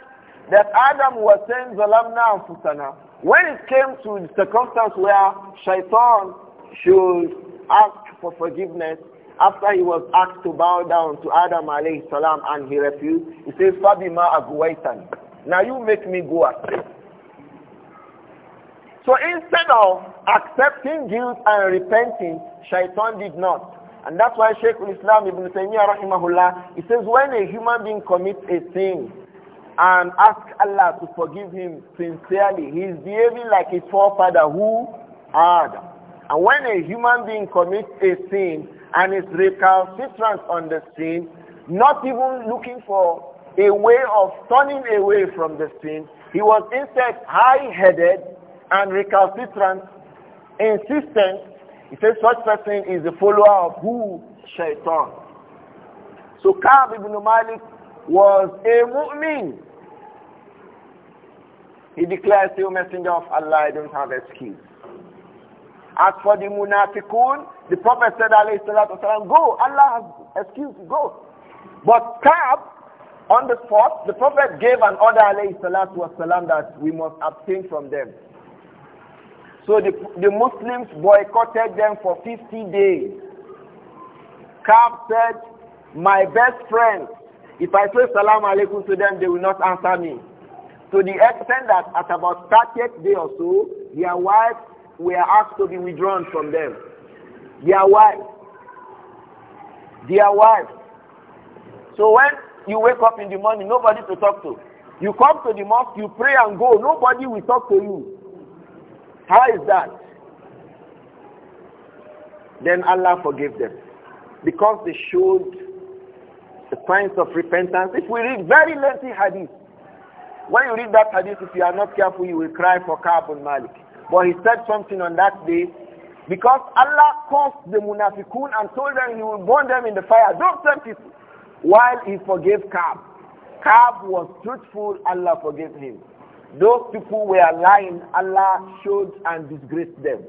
Speaker 1: that Adam was saying, zalamna anfusana, when it came to the circumstance where Shaitan should ask for forgiveness after he was asked to bow down to Adam alayhi salam and he refused, he says, Fabima agwaitan. Now you make me go astray. So instead of accepting guilt and repenting, Shaitan did not. And that's why Sheikh Islam Ibn Taymiyyah rahimahullah, he says when a human being commits a sin, and ask Allah to forgive him sincerely. He is behaving like his forefather who had. And when a human being commits a sin and is recalcitrant on the sin, not even looking for a way of turning away from the sin, he was instead high-headed and recalcitrant, insistent. He says such person is the follower of who? Shaitan. So Ka'b ibn Malik was a mu'min. He declares, you messenger of Allah, I don't have excuse. As for the munafiqun, the Prophet said, والسلام, go, Allah has excuse, go. But Ka'ab, on the spot, the Prophet gave an order, والسلام, that we must abstain from them. So the, the Muslims boycotted them for 50 days. Ka'ab said, my best friends if I say salam alaikum to them, they will not answer me. To the extent that at about 30th day or so, their wives were asked to be withdrawn from them. Their wives. Their wives. So when you wake up in the morning, nobody to talk to. You come to the mosque, you pray and go, nobody will talk to you. How is that? Then Allah forgave them because they showed the signs of repentance. If we read very lengthy hadith, when you read that hadith, if you are not careful, you will cry for Ka'b and Malik. But he said something on that day because Allah cursed the munafiqun and told them he will burn them in the fire. Don't tempt people. While he forgave Ka'b. Ka'b was truthful, Allah forgave him. Those people were lying, Allah showed and disgraced them.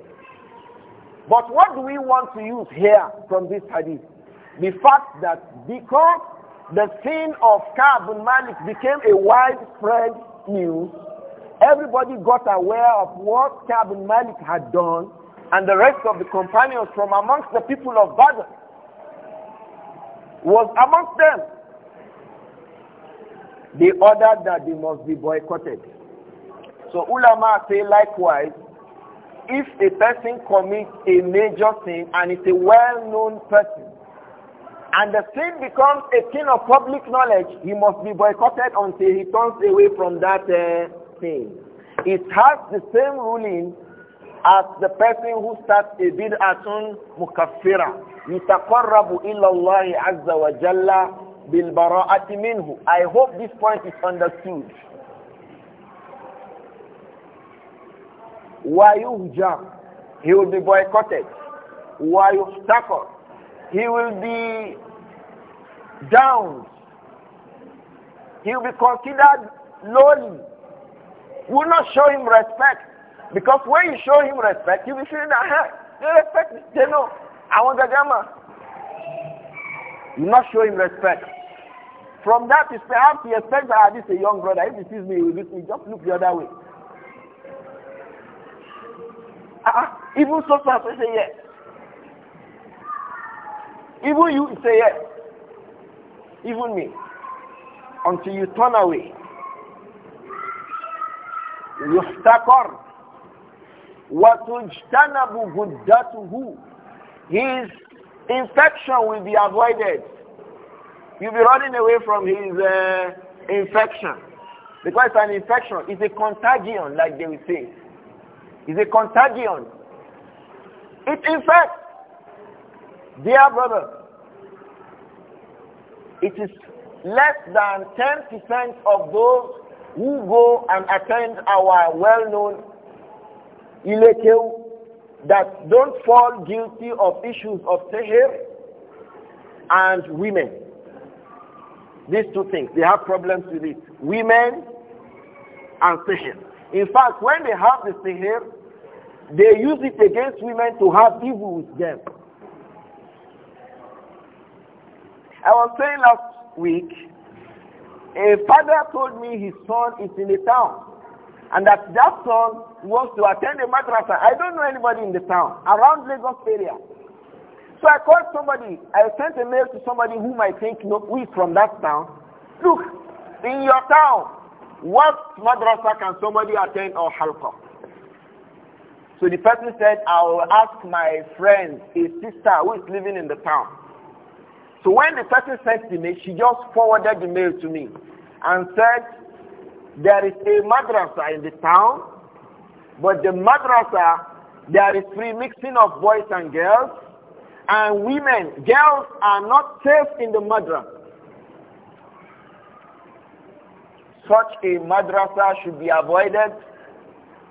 Speaker 1: But what do we want to use here from this hadith? The fact that because the sin of Ka'b Malik became a widespread news. Everybody got aware of what Ka'b Malik had done and the rest of the companions from amongst the people of Badr was amongst them. They ordered that they must be boycotted. So ulama say likewise, if a person commits a major sin and is a well-known person, and the state becomes a thing of public knowledge, he must be boycotted until he turns away from that uh, thing. It has the same ruling as the person who starts a bid'atun mukaffira. يتقرب إلى الله عز وجل بالبراءة منه. I hope this point is understood. ويهجر He will be boycotted. ويحتقر he will be down. He will be considered lowly. will not show him respect. Because when you show him respect, you'll be feeling that, hey, they respect me. They know. I want the gamma. You must show him respect. From that is perhaps he expects that ah, this is a young brother. If he sees me, he will beat me. Just look the other way. Uh, even so, I say yes. Even you say yes. Even me. Until you turn away. يحتقر وتجتنب who His infection will be avoided. You'll be running away from his uh, infection. Because an infection is a contagion, like they will say. It's a contagion. It infects. Dear brother, it is less than 10% of those who go and attend our well-known Ilekeu that don't fall guilty of issues of sihir and women. These two things, they have problems with it. Women and sihir. In fact, when they have the sihir, they use it against women to have evil with them. I was saying last week, a father told me his son is in the town and that that son wants to attend a madrasa. I don't know anybody in the town, around Lagos area. So I called somebody. I sent a mail to somebody whom I think know, is from that town. Look, in your town, what madrasa can somebody attend or help halqa? So the person said, I will ask my friend, his sister who is living in the town. So when the person sent the mail, she just forwarded the mail to me and said, there is a madrasa in the town, but the madrasa, there is free mixing of boys and girls, and women, girls are not safe in the madrasa. Such a madrasa should be avoided,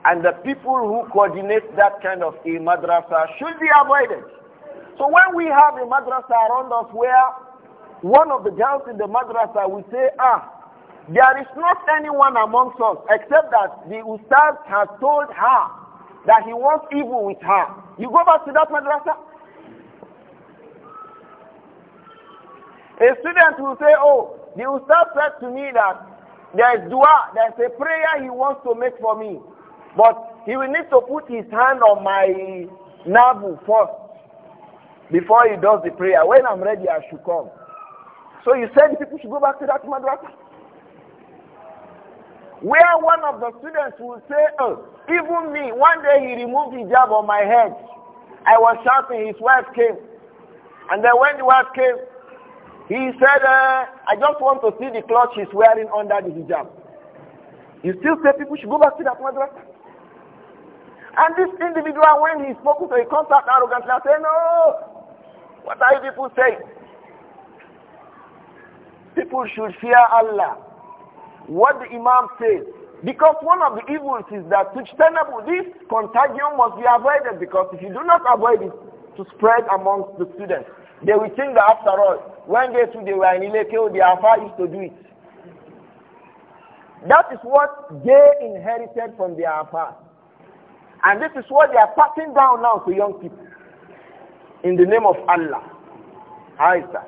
Speaker 1: and the people who coordinate that kind of a madrasa should be avoided. So when we have a madrasa around us where one of the girls in the madrasa will say, ah, there is not anyone amongst us except that the ustaz has told her that he wants evil with her. You go back to that madrasa. A student will say, oh, the ustaz said to me that there is dua, there is a prayer he wants to make for me. But he will need to put his hand on my navel first. Before he does the prayer, when I'm ready, I should come. So you said people should go back to that madrasa. Where one of the students will say, oh, even me, one day he removed hijab on my head. I was shouting, his wife came. And then when the wife came, he said, uh, I just want to see the cloth she's wearing under the hijab. You still say people should go back to that madrasa? And this individual, when he spoke to a contact arrogantly, I said, no, what are you people saying? People should fear Allah. What the Imam says. Because one of the evils is that sustainable, this contagion must be avoided because if you do not avoid it to spread amongst the students, they will think that after all, when they too they were in Ilekeo, oh, the Afa used to do it. That is what they inherited from their Afa. And this is what they are passing down now to young people in the name of Allah. Aisha.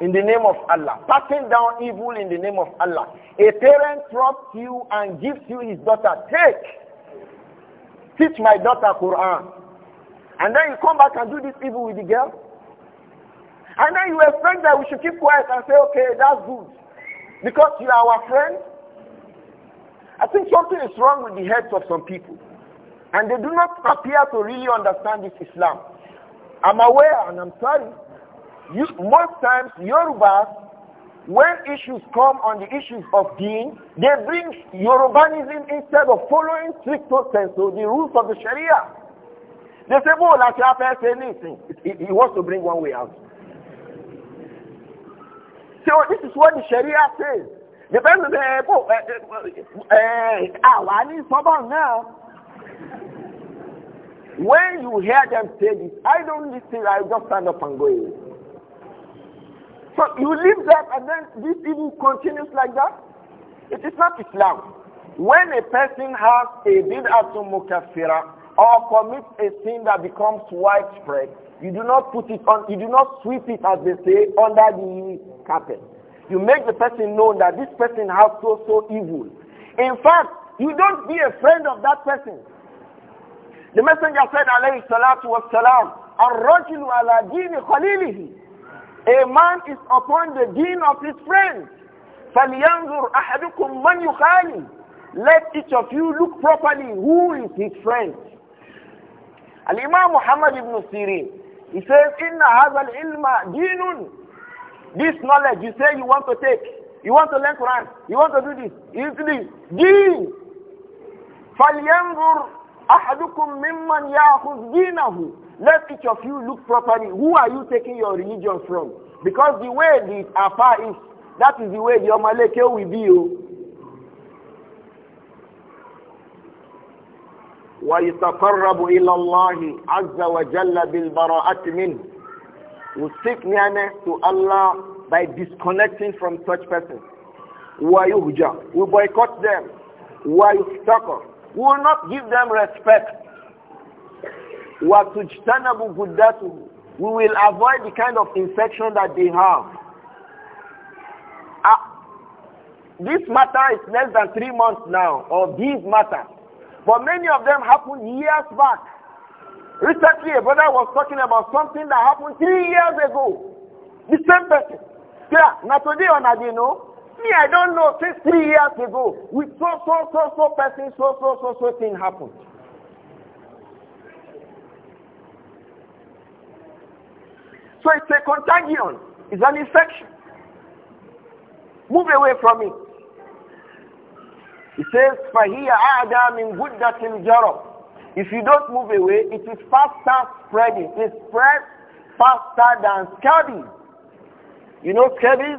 Speaker 1: In the name of Allah. Passing down evil in the name of Allah. A parent drops you and gives you his daughter. Take. Teach my daughter Quran. And then you come back and do this evil with the girl. And then you expect that we should keep quiet and say, okay, that's good. Because you are our friend. I think something is wrong with the heads of some people. And they do not appear to really understand this Islam. I'm aware and I'm sorry. You, most times, Yorubas, when issues come on the issues of deen, they bring Yorubanism instead of following stricto sensu, the rules of the Sharia. They say, oh, like you have say anything. He wants to bring one way out. So this is what the Sharia says. The person says, oh, uh, uh, uh, uh, uh, uh, when you hear them say this, I don't listen, I just stand up and go away. So you leave that and then this evil continues like that? It is not Islam. When a person has a bid'atu mukaffira or commits a sin that becomes widespread, you do not put it on, you do not sweep it, as they say, under the carpet. You make the person know that this person has so, so evil. In fact, you don't be a friend of that person. The messenger said, alayhi salatu wassalam, Ar-rajulu ala dini khalilihi. A man is upon the deen of his friends. فَلْيَنْظُرْ أَحَدُكُمْ مَنْ يُخَالِي Let each of you look properly who is his friend. Al-Imam Muhammad ibn Sirin, he says, إِنَّ هَذَا الْعِلْمَ دِينٌ This knowledge you say you want to take, you want to learn Quran, you want to do this, you do this. Deen! فَلْيَنْظُرْ let each of you look properly. Who are you taking your religion from? Because the way the affair is, that is the way the Omaleke will be. Oh. ويتقرب إلى الله عز وجل بالبراءة منه. We seek nearness to Allah by disconnecting from such persons. ويهجى. We boycott them. ويفتقر. We will not give them respect. We will avoid the kind of infection that they have. Uh, this matter is less than three months now, or these matters. But many of them happened years back. Recently, a brother was talking about something that happened three years ago. The same person. Yeah, not today or not, you know. Me, I don't know, say three years ago, with so, so, so, so person, so, so, so, so thing happened. So it's a contagion. It's an infection. Move away from it. It says, فَهِيَ أَعْدَى مِنْ غُدَّةِ الْجَرَبِ If you don't move away, it is faster spreading. It spreads faster than scabies. You know scabies?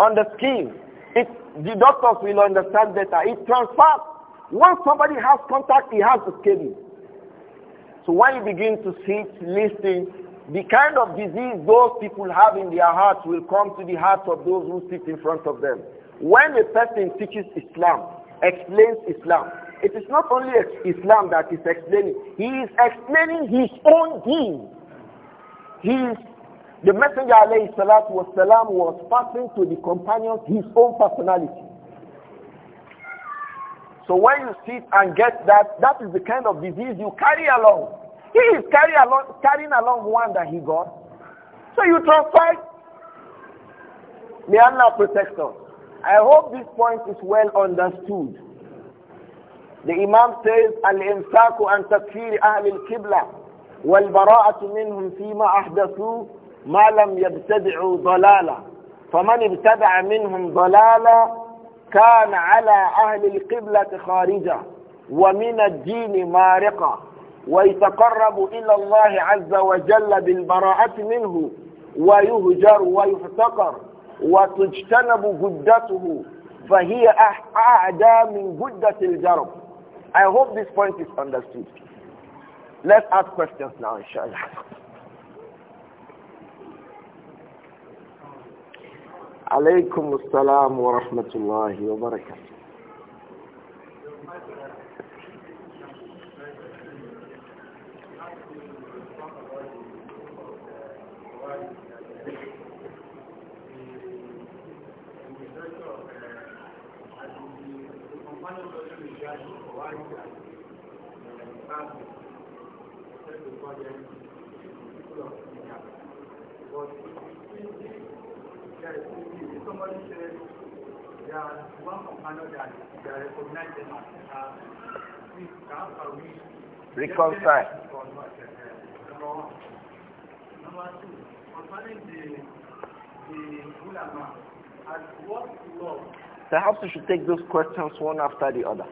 Speaker 1: on the skin. It, the doctors will understand better. It transfers. Once somebody has contact, he has the skin. So when you begin to sit, listen, the kind of disease those people have in their hearts will come to the hearts of those who sit in front of them. When a person teaches Islam, explains Islam, it is not only Islam that is explaining, he is explaining his own deen. He is the Messenger alayhi salatu was, salam, was passing to the companions his own personality. So when you sit and get that, that is the kind of disease you carry along. He is carry along, carrying along one that he got. So you transfer May Allah protect us. I hope this point is well understood. The Imam says, al insaku an takfir kibla al-qibla wal-bara'atu minhum fima ahdathu ما لم يبتدعوا ضلالا فمن ابتدع منهم ضلالا كان على أهل القبلة خارجا ومن الدين مارقا ويتقرب إلى الله عز وجل بالبراءة منه ويهجر ويحتقر وتجتنب جدته فهي أعدى من جدة الجرب I hope this point is understood. Let's ask questions now, inshallah. عليكم السلام ورحمة الله وبركاته
Speaker 2: Thank you. if somebody says one that they are recognized as how we reconcile? Number two, concerning the, the ulama, at what law?
Speaker 1: Perhaps we should take those questions one after the other.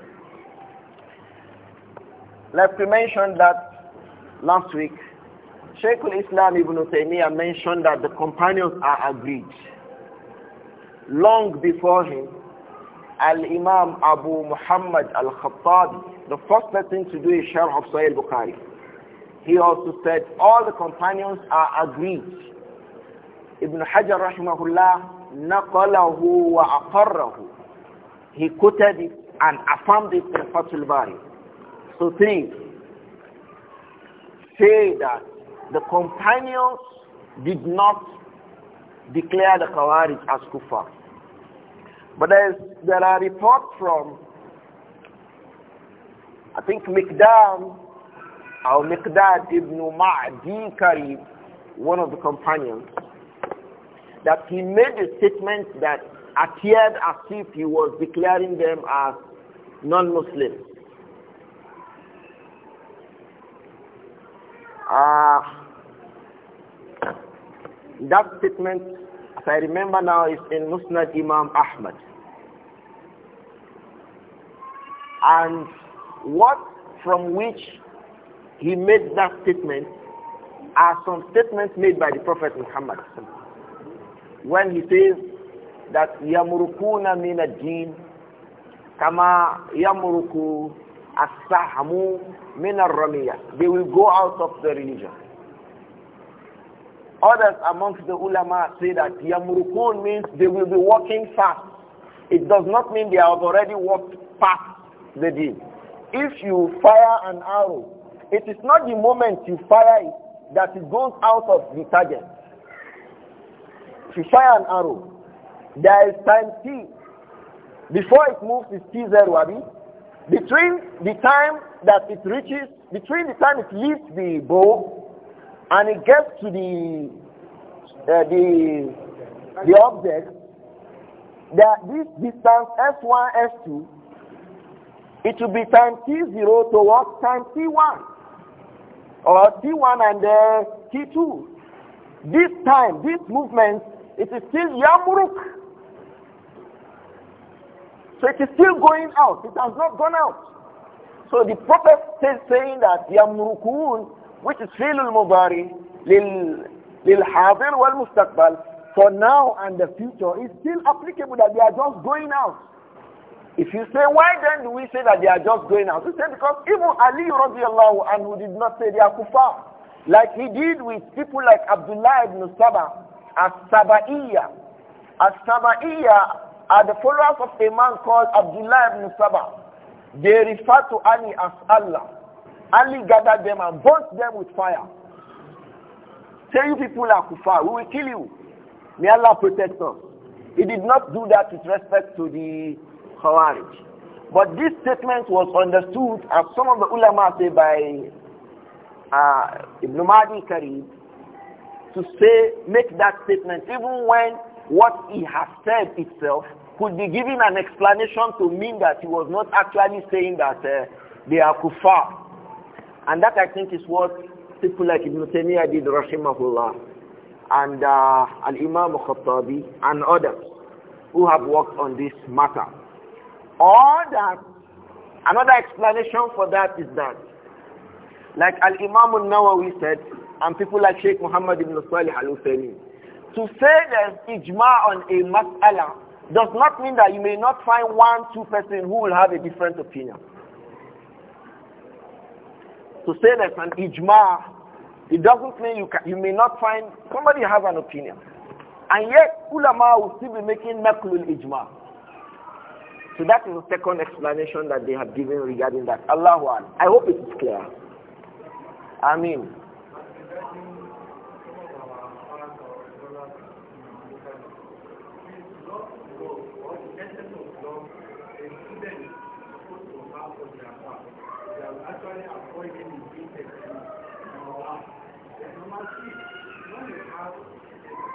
Speaker 1: Like we mentioned that last week, sheik al-Islam Ibn Taymiyyah mentioned that the companions are agreed long before him, Al-Imam Abu Muhammad al Khattab. the first person to do a share of Sahih Bukhari, he also said all the companions are agreed. Ibn Hajar rahimahullah naqalahu wa aqarrahu. He quoted it and affirmed it in Fathul Bari. So three, say that the companions did not declare the Khawarij as kufar but there, is, there are reports from, I think Mikdam or Mukdad ibn Ma'di Karib, one of the companions, that he made a statement that appeared as if he was declaring them as non-Muslims. Uh, that statement, as I remember now, is in Musnad Imam Ahmad. And what from which he made that statement are some statements made by the Prophet Muhammad when he says that yamurukuna min ad kama yamuruku as-sahmu min they will go out of the religion others amongst the ulama say that yamurukun means they will be walking fast it does not mean they have already walked past the deal. If you fire an arrow, it is not the moment you fire it that it goes out of the target. If you fire an arrow, there is time t. Before it moves is t0, Abi. Between the time that it reaches, between the time it leaves the bow and it gets to the uh, the the object, that this distance s1, s2 it will be time T0 towards Time T1. Or T1 and uh, T2. This time, this movement, it is still Yamuruk. So it is still going out. It has not gone out. So the prophet is saying that Yamurukun, which is Filul Mubari, Lil Hadir wal Mustaqbal, for now and the future, is still applicable that they are just going out. If you say, why then do we say that they are just going out? You say, because even Ali radiallahu who did not say they are kuffar. Like he did with people like Abdullah ibn Saba, As-Saba'iyya. As-Saba'iyya are the followers of a man called Abdullah ibn Saba. They refer to Ali as Allah. Ali gathered them and burnt them with fire. Say you people are kuffar, we will kill you. May Allah protect us. He did not do that with respect to the Khawarij. But this statement was understood, as some of the ulama say, by uh, Ibn Mahdi Karim, to say, make that statement, even when what he has said itself could be given an explanation to mean that he was not actually saying that uh, they are kuffar. And that, I think, is what people like Ibn Taymiyyah did, rahimahullah, and uh, Al-Imam Khattabi, and others who have worked on this matter. Or that, another explanation for that is that, like Al-Imam al-Nawawi said, and people like Sheikh Muhammad ibn Salih al-Husayni, to say there's ijma on a mas'ala does not mean that you may not find one, two person who will have a different opinion. To say there's an ijma, it doesn't mean you, can, you may not find somebody have an opinion. And yet, ulama will still be making naqlul ijma. So that is the second explanation that they have given regarding that. Allahu Akbar. I hope it is clear. I mean,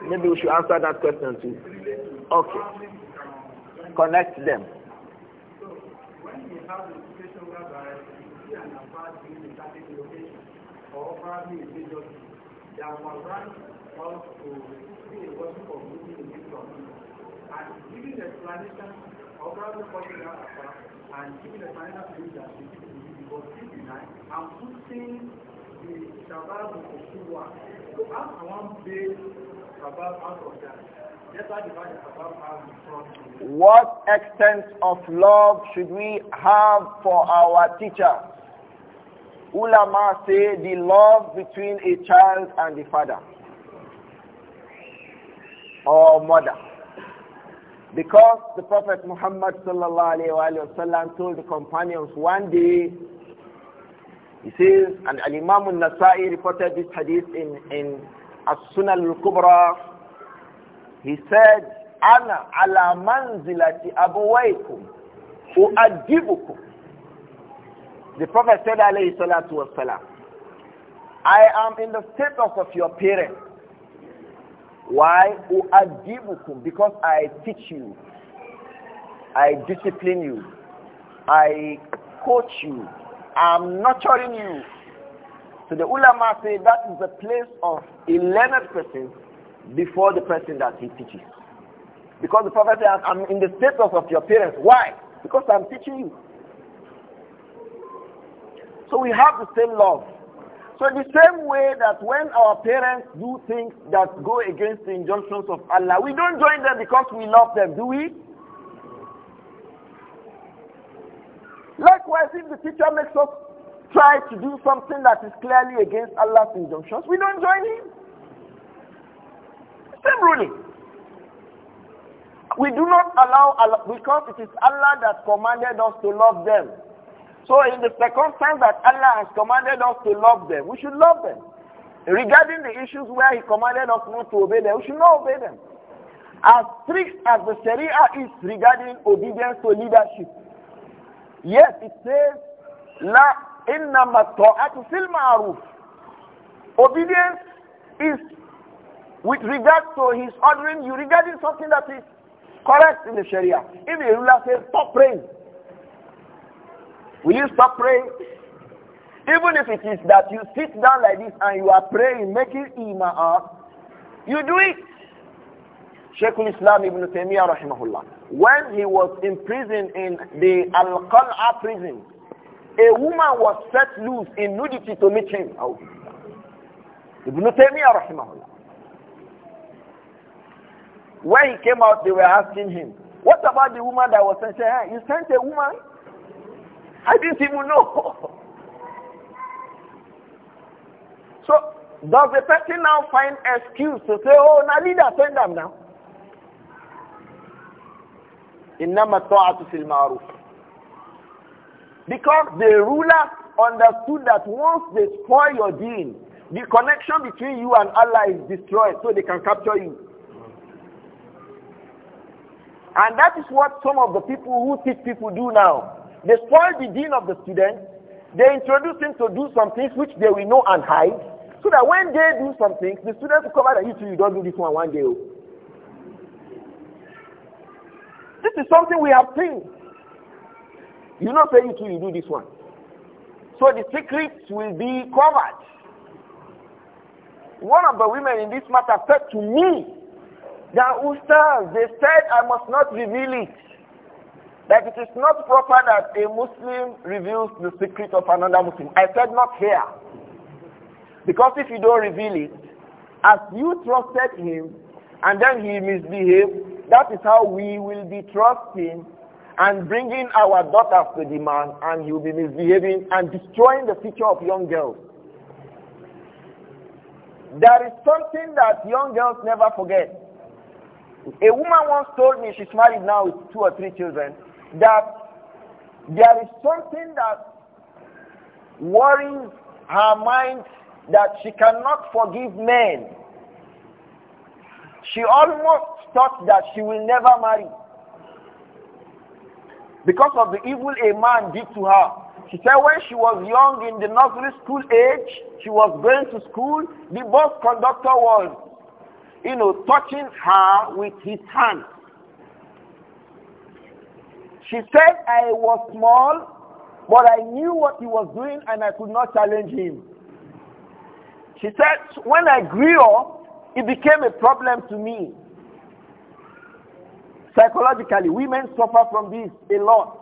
Speaker 1: Maybe we should answer that question too.
Speaker 2: Okay. Connect them. have a situation whereby you a certain location or probably a major that will grant us a worship of the explanation of probably calling out Abbas and giving the explanation was 59 and putting the Shabbat with So how can one pay Shabbat out of that?
Speaker 1: What extent of love should we have for our teacher? Ulama say the love between a child and the father or mother. Because the Prophet Muhammad wasallam told the companions one day, he says, and Al-Imam al-Nasai reported this hadith in, in As-Sunan al-Kubra, he said, Ana ala manzilati abuwaikum uadibukum. The Prophet said, alayhi salatu fellow, I am in the status of your parents. Why? Uadibukum. Because I teach you. I discipline you. I coach you. I'm nurturing you. So the ulama say that is the place of a learned person before the person that he teaches. Because the Prophet says, I'm in the status of your parents. Why? Because I'm teaching you. So we have the same love. So the same way that when our parents do things that go against the injunctions of Allah, we don't join them because we love them, do we? Likewise, if the teacher makes us try to do something that is clearly against Allah's injunctions, we don't join him. Same ruling. We do not allow Allah because it is Allah that commanded us to love them. So in the circumstance that Allah has commanded us to love them, we should love them. Regarding the issues where He commanded us not to obey them, we should not obey them. As strict as the Sharia is regarding obedience to leadership. Yes, it says, La ta'atu fil ma'ruf. Obedience is with regard to his ordering you regarding something that is correct in the Sharia. If the ruler says, stop praying, will you stop praying? Even if it is that you sit down like this and you are praying, making imam you do it. Sheikh al-Islam ibn Taymiyyah rahimahullah, when he was imprisoned in the Al-Qal'a prison, a woman was set loose in nudity to meet him. Ibn Taymiyyah rahimahullah. When he came out, they were asking him, what about the woman that was sent? Hey, ah, you sent a woman? I didn't even know. so does the person now find excuse to say, oh, now leader, send them now? Because the ruler understood that once they spoil your deen, the connection between you and Allah is destroyed so they can capture you. And that is what some of the people who teach people do now. They spoil the dean of the students. They introduce him to do some things which they will know and hide. So that when they do something, the students will come out and you too, you don't do this one one day. Oh. This is something we have seen. You not say you two you do this one. So the secrets will be covered. One of the women in this matter said to me the ustaz, they said, I must not reveal it. That it is not proper that a Muslim reveals the secret of another Muslim. I said not here. Because if you don't reveal it, as you trusted him, and then he misbehaved, that is how we will be trusting and bringing our daughters to the man, and he will be misbehaving and destroying the future of young girls. There is something that young girls never forget. A woman once told me, she's married now with two or three children, that there is something that worries her mind that she cannot forgive men. She almost thought that she will never marry. Because of the evil a man did to her. She said when she was young in the nursery school age, she was going to school, the bus conductor was you know, touching her with his hand. She said, I was small, but I knew what he was doing and I could not challenge him. She said, when I grew up, it became a problem to me. Psychologically, women suffer from this a lot.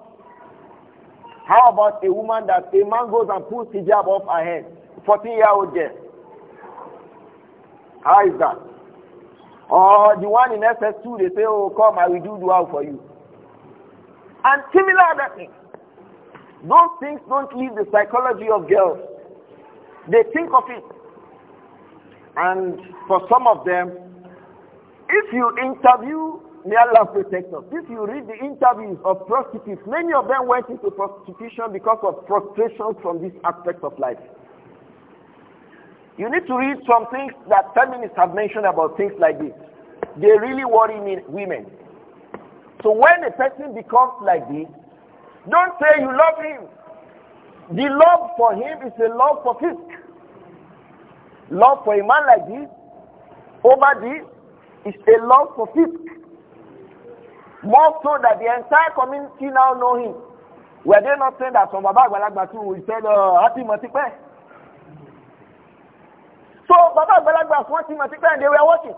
Speaker 1: How about a woman that a man goes and pulls hijab off her head? 14 year old girl. How is that? Or the one in SS2, they say, oh, come, I will do dua for you. And similar other things. Those things don't leave the psychology of girls. They think of it. And for some of them, if you interview, may Allah protect us, if you read the interviews of prostitutes, many of them went into prostitution because of frustration from this aspect of life. You need to read some things that feminists have mentioned about things like this. They really worry me, women. So when a person becomes like this, don't say you love him. The love for him is a love for fisk. Love for a man like this, over this, is a love for fisk. More so that the entire community now know him. Were they not saying that from Baba Agbalagba too will say, uh, oh, Happy Matipe? So Baba Balagba wants him at and they were watching.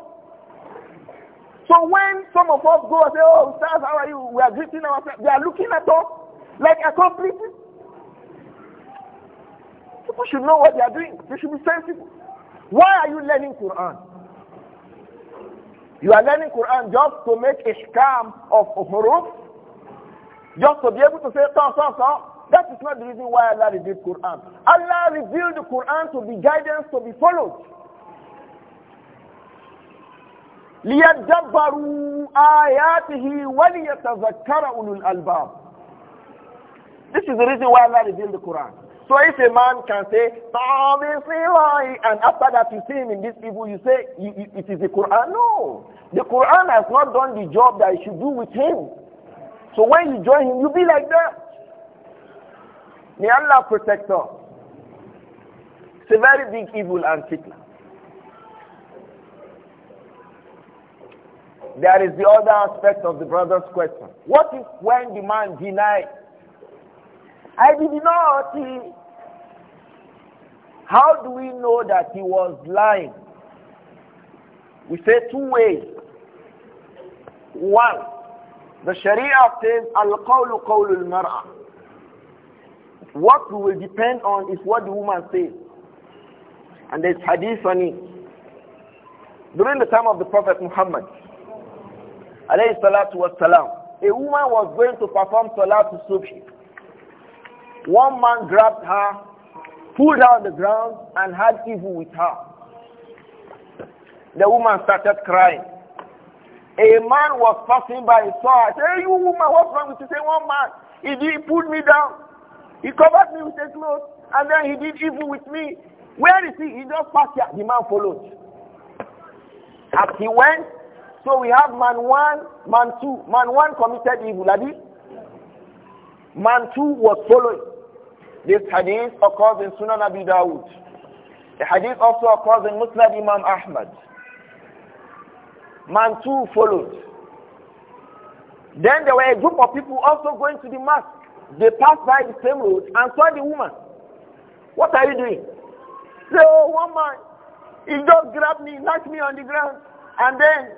Speaker 1: So when some of us go and say, oh, stars, how are you? We are greeting ourselves. They are looking at us like accomplices. People should know what they are doing. They should be sensible. Why are you learning Quran? You are learning Quran just to make a scam of huruf, just to be able to say, ta, that is not the reason why Allah revealed Quran. Allah revealed the Quran to be guidance to be followed. لِيَدَّبَّرُوا آيَاتِهِ وَلِيَتَذَكَّرَ أُولُو الْأَلْبَابِ This is the reason why Allah revealed the Quran. So if a man can say, and after that you see him in this evil, you say, it is the Quran. No. The Quran has not done the job that it should do with him. So when you join him, you will be like that. May Allah protect us. It's a very big evil and fitna. There is the other aspect of the brother's question. What if when the man denied, I did not, he, how do we know that he was lying? We say two ways. One, the Sharia says, al-qawlu qawlu al-mar'ah. What we will depend on is what the woman says. And there's hadith on it. During the time of the Prophet Muhammad, alayhi a woman was going to perform to subhi. One man grabbed her, pulled her on the ground, and had evil with her. The woman started crying. A man was passing by, saw her, say, hey, you woman, what's wrong with you? Say, one man, he pulled me down. He covered me with a cloth and then he did evil with me. Where is he? He just passed here. The man followed. As he went, so we have man one, man two. Man one committed evil, Adi. Man two was following. This hadith occurs in Sunan Abi Dawood. The hadith also occurs in Musnad Imam Ahmad. Man two followed. Then there were a group of people also going to the mosque. They passed by the same road and saw the woman. What are you doing? Say, oh, one man, he just grabbed me, knocked me on the ground, and then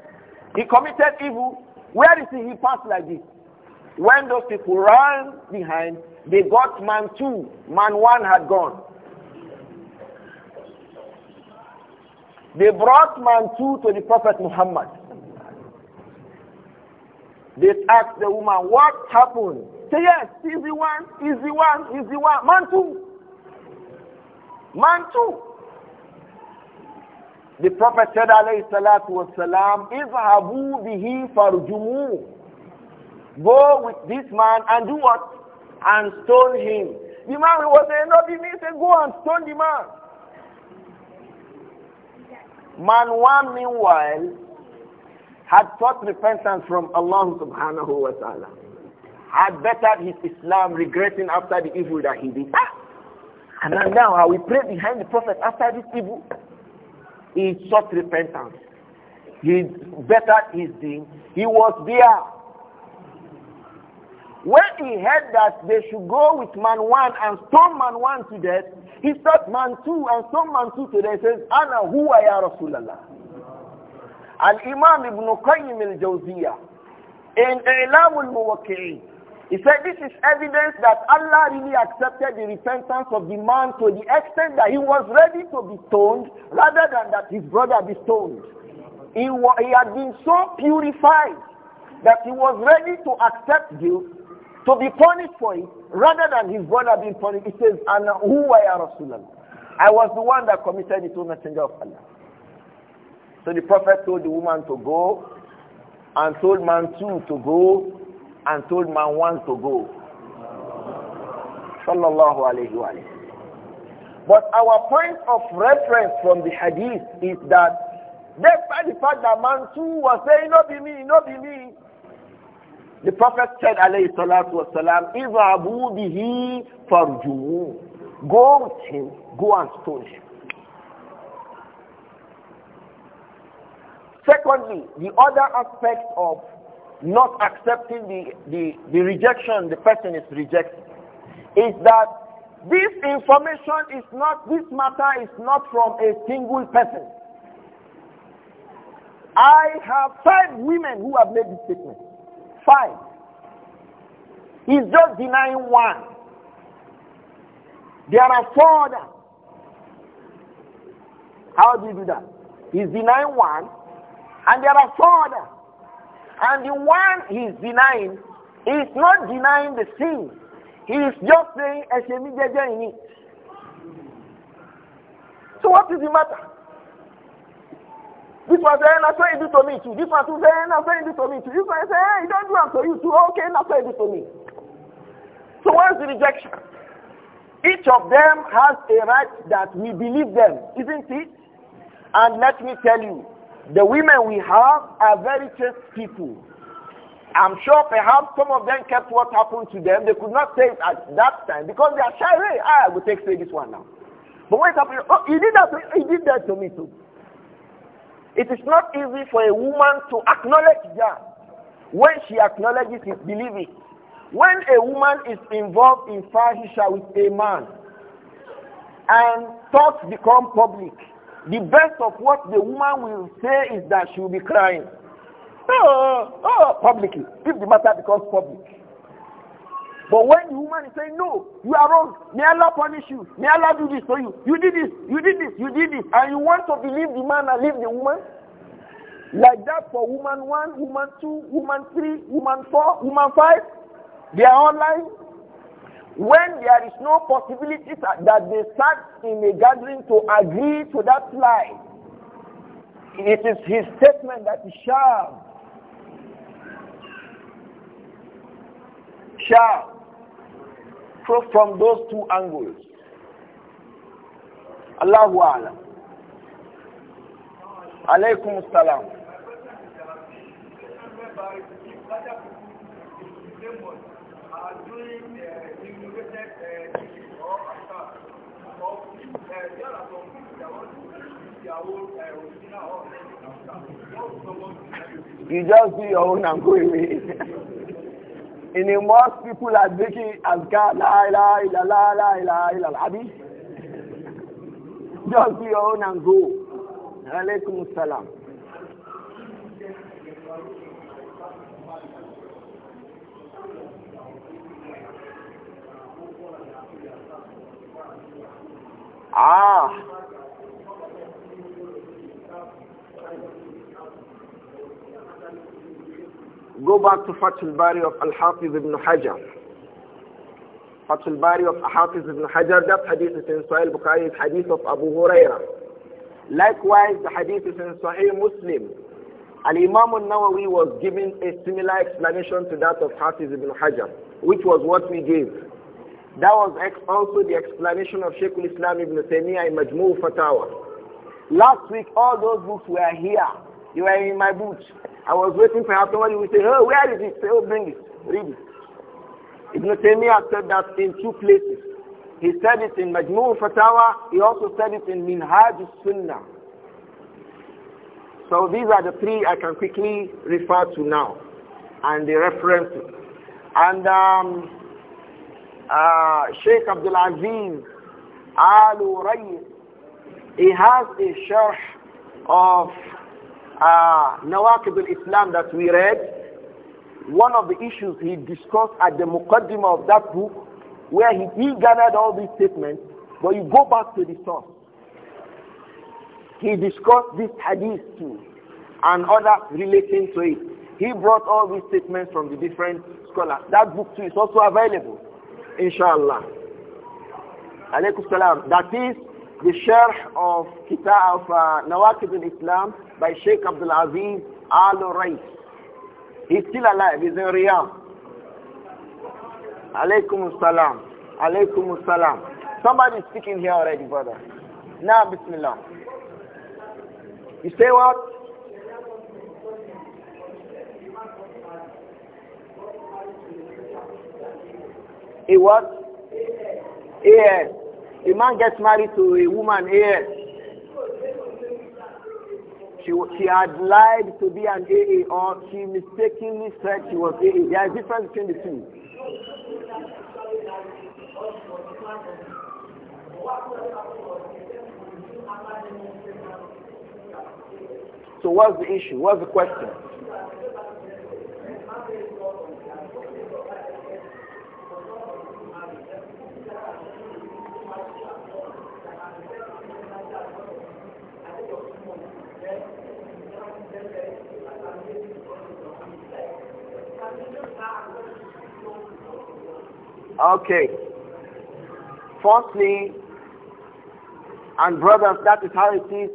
Speaker 1: he committed evil. Where is he? He passed like this. When those people ran behind, they got man two. Man one had gone. They brought man two to the Prophet Muhammad. They asked the woman, what happened? Say yes, he's the one, he's the one, he's the one. Man too. Man too. The Prophet said alayhi salatu was salam, Izhabu bihi farjumu. Go with this man and do what? And stone him. The man who was a nobby he said, go and stone the man. Man one meanwhile had sought repentance from Allah subhanahu wa ta'ala had bettered his Islam regretting after the evil that he did. Ah! And now how we pray behind the Prophet after this evil, he sought repentance. He bettered his deen. He was there. When he heard that they should go with man one and stone man one to death, he sought man two and stone man two to death. He says, Anna who are you, Rasulallah. And imam Ibn Qayyim al-Jawziyah in I'lam al-Muwakki'in he said this is evidence that Allah really accepted the repentance of the man to the extent that he was ready to be stoned rather than that his brother be stoned. He, he had been so purified that he was ready to accept guilt, to be punished for it, rather than his brother being punished. He says, and who were I was the one that committed it to messenger of Allah. So the prophet told the woman to go and told man to go and told man one to go. Sallallahu alayhi wa But our point of reference from the hadith is that despite the fact that man too was saying, "Not be me, not be me, the Prophet said, alayhi salatu wasalam, Izabu bihi farjuhu. Go with him, go and stone him. Secondly, the other aspect of not accepting the, the, the rejection the person is rejecting is that this information is not, this matter is not from a single person. I have five women who have made this statement. Five. He's just denying one. There are four others. How do you do that? He's denying one, and there are four others. And the one he is denying is not denying the sin. He is just saying, Eshemi Jeje in it. So what is the matter? This one "I that's what you do to me too. This one too said, that's what you do to me too. This one say, hey, don't do that to you too. Okay, that's what you do to me. So where's the rejection? Each of them has a right that we believe them, isn't it? And let me tell you, the women we have are very chaste people. I'm sure perhaps some of them kept what happened to them. They could not say it at that time because they are shy. Hey, ah, I will take say this one now. But what happened? Oh, he did that. To, he did that to me too. It is not easy for a woman to acknowledge that. When she acknowledges it, believe it. When a woman is involved in fahisha with a man, and thoughts become public, the best of what the woman will say is that she will be crying. Oh, oh, publicly, if the matter becomes public. But when the woman is saying, no, you are wrong, may Allah punish you, may Allah do this for you, you did this, you did this, you did this, and you want to believe the man and leave the woman? Like that for woman one, woman two, woman three, woman four, woman five, they are all lying when there is no possibility that they start in a gathering to agree to that lie, it is his statement that is sharp. Sharp. From those two angles. Allahu Alam. Alaykum Assalam.
Speaker 2: Are doing uh, You
Speaker 1: just do your own and go away. In the most people are drinking azkar, la la la la la la la la. Just do your own and go. Alaykum salam. Ah. Go back to Fatul Bari of Al-Hafiz ibn Hajar. Fatul Bari of Al-Hafiz ibn Hajar, that hadith is in Sahih Bukhari, hadith of Abu Huraira. Likewise, the hadith is in Sahih Muslim. Al-Imam al-Nawawi was giving a similar explanation to that of Hafiz ibn Hajar, which was what we gave. That was also the explanation of sheik al-Islam ibn Taymiyyah in Majmu' Fatawa. Last week, all those books were here. They were in my booth. I was waiting for somebody would say, oh, where is it? Say, oh, bring it. Read it. Ibn Taymiyyah said that in two places. He said it in Majmu' Fatawa. He also said it in Minhaj sunnah So these are the three I can quickly refer to now and the references. And um, uh, Sheikh Abdul Aziz Al Urayy, he has a sharh of uh, Nawakib islam that we read. One of the issues he discussed at the Muqaddimah of that book, where he, he gathered all these statements, but you go back to the source. He discussed this hadith too, and others relating to it. He brought all these statements from the different scholars. That book too is also available. Inshallah. Alaykum salam. That is the sharh of Kitab of uh, Nawakib al-Islam by Sheikh Abdul Aziz Al-Rais. He's still alive. He's in Riyadh. Alaykum salam. Alaykum salam. Somebody speaking here already, brother. Now, bismillah. You say what? A what? AS. A man gets married to a woman AS. She, she had lied to be an AA or she mistakenly said she was AA. There is a difference between the two.
Speaker 2: So what's the issue? What's the question? Okay.
Speaker 1: Firstly, and brothers, that is how it is.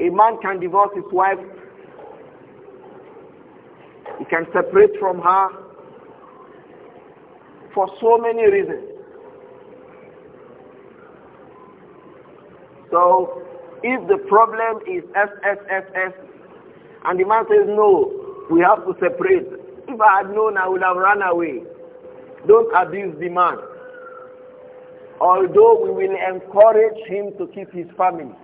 Speaker 1: A man can divorce his wife. He can separate from her for so many reasons. So, if the problem is SSSS, and the man says, no, we have to separate, if I had known, I would have run away. Don't abuse the man. Although we will encourage him to keep his family.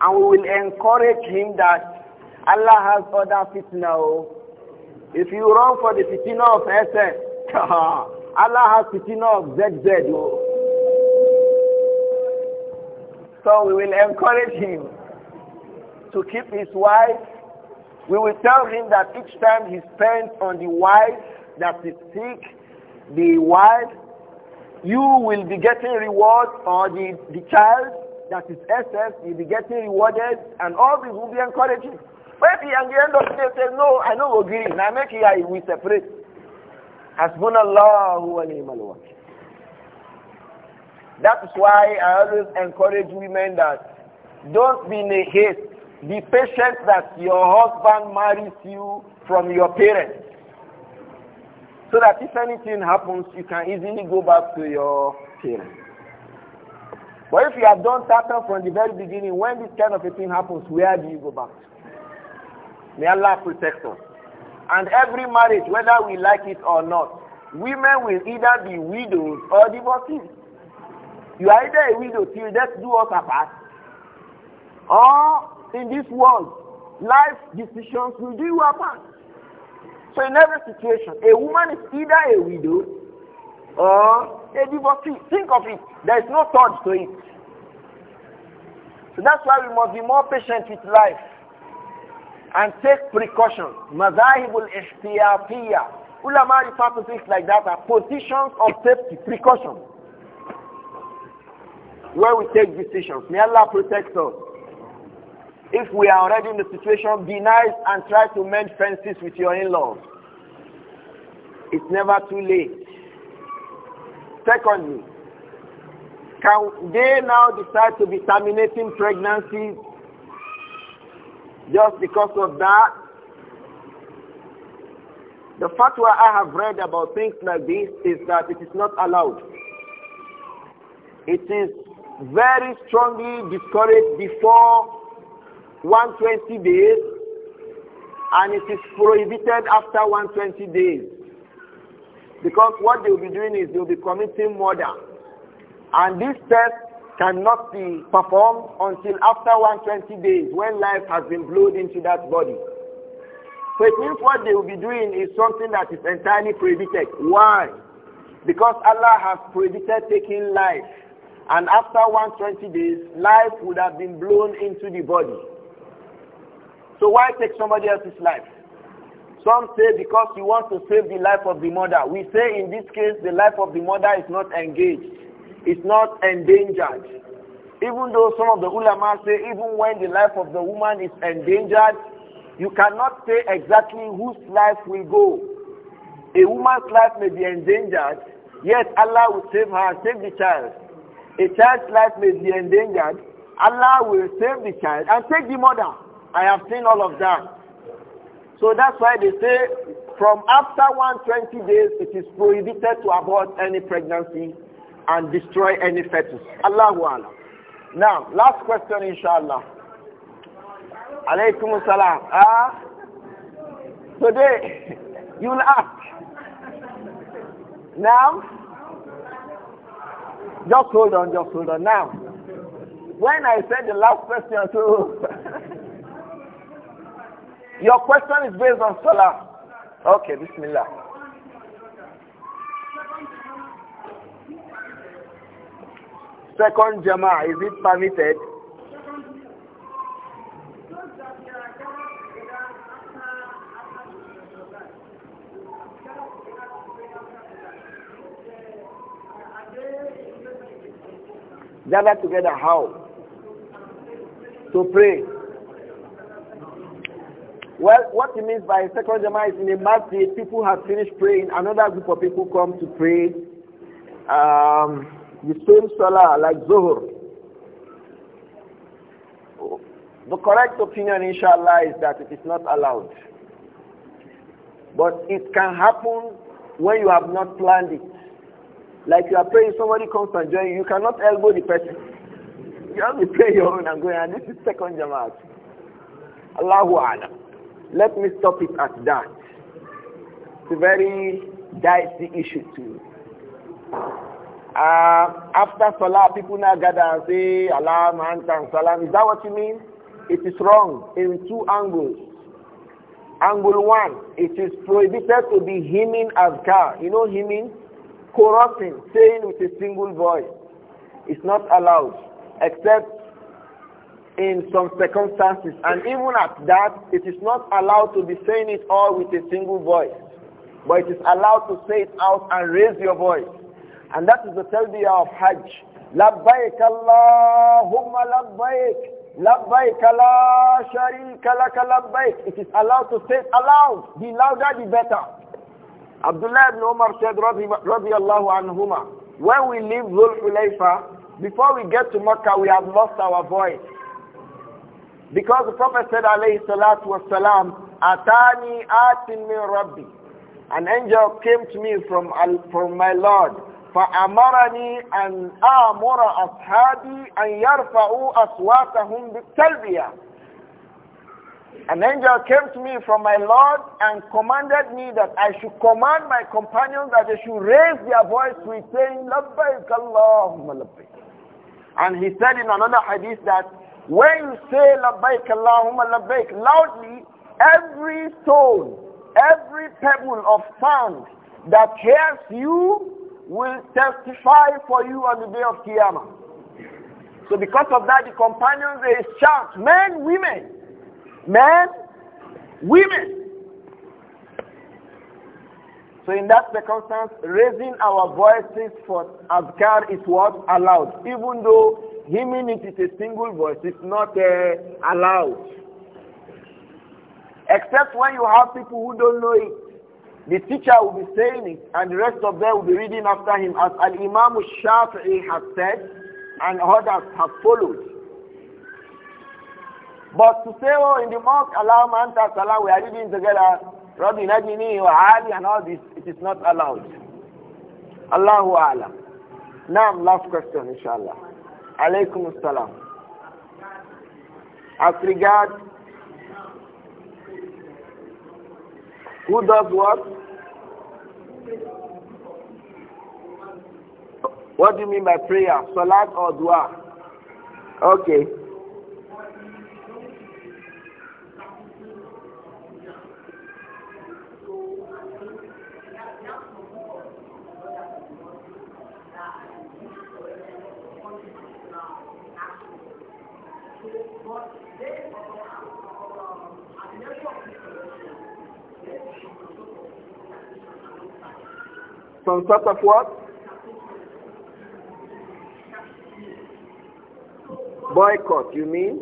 Speaker 1: And we will encourage him that Allah has other fitna. Oh. If you run for the fitna of SS, Allah has fitna of ZZ. Oh. So we will encourage him to keep his wife we will tell him that each time he spends on the wife that is sick, the wife, you will be getting reward, or the, the child that is SS will be getting rewarded, and all this will be encouraging. But at the end of the day say no, I know we agree, now make here we separate. Hasbunallahu wa ni'mal That is why I always encourage women that don't be in a haste be patient that your husband marries you from your parents. So that if anything happens, you can easily go back to your parents. But if you have done Satan from the very beginning, when this kind of a thing happens, where do you go back to? May Allah protect us. And every marriage, whether we like it or not, women will either be widows or divorcees. You are either a widow till death do us apart, or in this world, life decisions will do you apart. So in every situation, a woman is either a widow or a divorcee. Think of it. There is no thought to it. So that's why we must be more patient with life and take precautions. Mazahibul ihtiyatiyah. Ulama refer to things like that are positions of safety, precaution. Where we take decisions. May Allah protect us. If we are already in the situation, be nice and try to mend fences with your in-laws. It's never too late. Secondly, can they now decide to be terminating pregnancies just because of that? The fact where I have read about things like this is that it is not allowed. It is very strongly discouraged before 120 days and it is prohibited after 120 days. Because what they will be doing is they will be committing murder. And this test cannot be performed until after 120 days when life has been blown into that body. So it means what they will be doing is something that is entirely prohibited. Why? Because Allah has prohibited taking life. And after 120 days, life would have been blown into the body. So why take somebody else's life? Some say because you want to save the life of the mother. We say in this case the life of the mother is not engaged. It's not endangered. Even though some of the ulama say even when the life of the woman is endangered, you cannot say exactly whose life will go. A woman's life may be endangered, yet Allah will save her, save the child. A child's life may be endangered, Allah will save the child and take the mother. I have seen all of that. So that's why they say from after 120 days, it is prohibited to abort any pregnancy and destroy any fetus. Allahu Alam. Now, last question, inshallah. Alaykum salam.
Speaker 2: Ah, today, you will ask. Now,
Speaker 1: just hold on, just hold on. Now, when I said the last question, so Your question is based on Salah. Okay, Bismillah. Second Jama'ah, is it permitted? Gather together how? To pray. Well, what he means by second Jama is in a masjid, people have finished praying, another group of people come to pray um, the same Salah, like Zuhur. The correct opinion, inshallah, is that it is not allowed. But it can happen when you have not planned it. Like you are praying, somebody comes and join you, you cannot elbow the person. You have to pray your own and go, and this is second Jama'at. Allahu Alam. Let me stop it at that. It's a very dicey issue too. Uh, after Salah, people now gather and say, Allah, Mahantan, Salam. Is that what you mean? It is wrong in two angles. Angle one, it is prohibited to be hymning azkar. You know hymning? Corrupting, saying with a single voice. It's not allowed, except in some circumstances. And even at that, it is not allowed to be saying it all with a single voice. But it is allowed to say it out and raise your voice. And that is the year of Hajj. لبيك اللهم لبيك لبيك لا شريك لك لبيك It is allowed to say it aloud. Be louder be better. Abdullah ibn Umar said رضي الله عنهما When we leave Dhul Hulayfa, before we get to Makkah, we have lost our voice. Because the Prophet said, alayhi salatu wasalam, Atani atin min Rabbi. An angel came to me from, from my Lord. فأمرني أن آمر أصحابي أن يرفعوا أصواتهم بالتلبية. An angel came to me from my Lord and commanded me that I should command my companions that they should raise their voice with saying, لبيك اللهم لبيك. And he said in another hadith that when you say labbaik Allahumma labbaik loudly, every stone, every pebble of sand that hears you will testify for you on the day of Qiyamah. So because of that, the companions, they shout, men, women, men, women. So in that circumstance, raising our voices for Azkar is what? Allowed. Even though hymning it is a single voice, it's not uh, allowed. Except when you have people who don't know it. The teacher will be saying it and the rest of them will be reading after him as Al-Imam Shafi'i has said and others have followed. But to say, oh, in the mosque, Allah, Manta, Salah, we are reading together, Rabbi Najini wa and all this, it is not allowed. Allah hu Alam. Now, last question, inshallah. Alaykum assalam. As regards who does what? What do you mean by prayer? Salat or dua? Okay. Some sort of what? Boycott, you mean?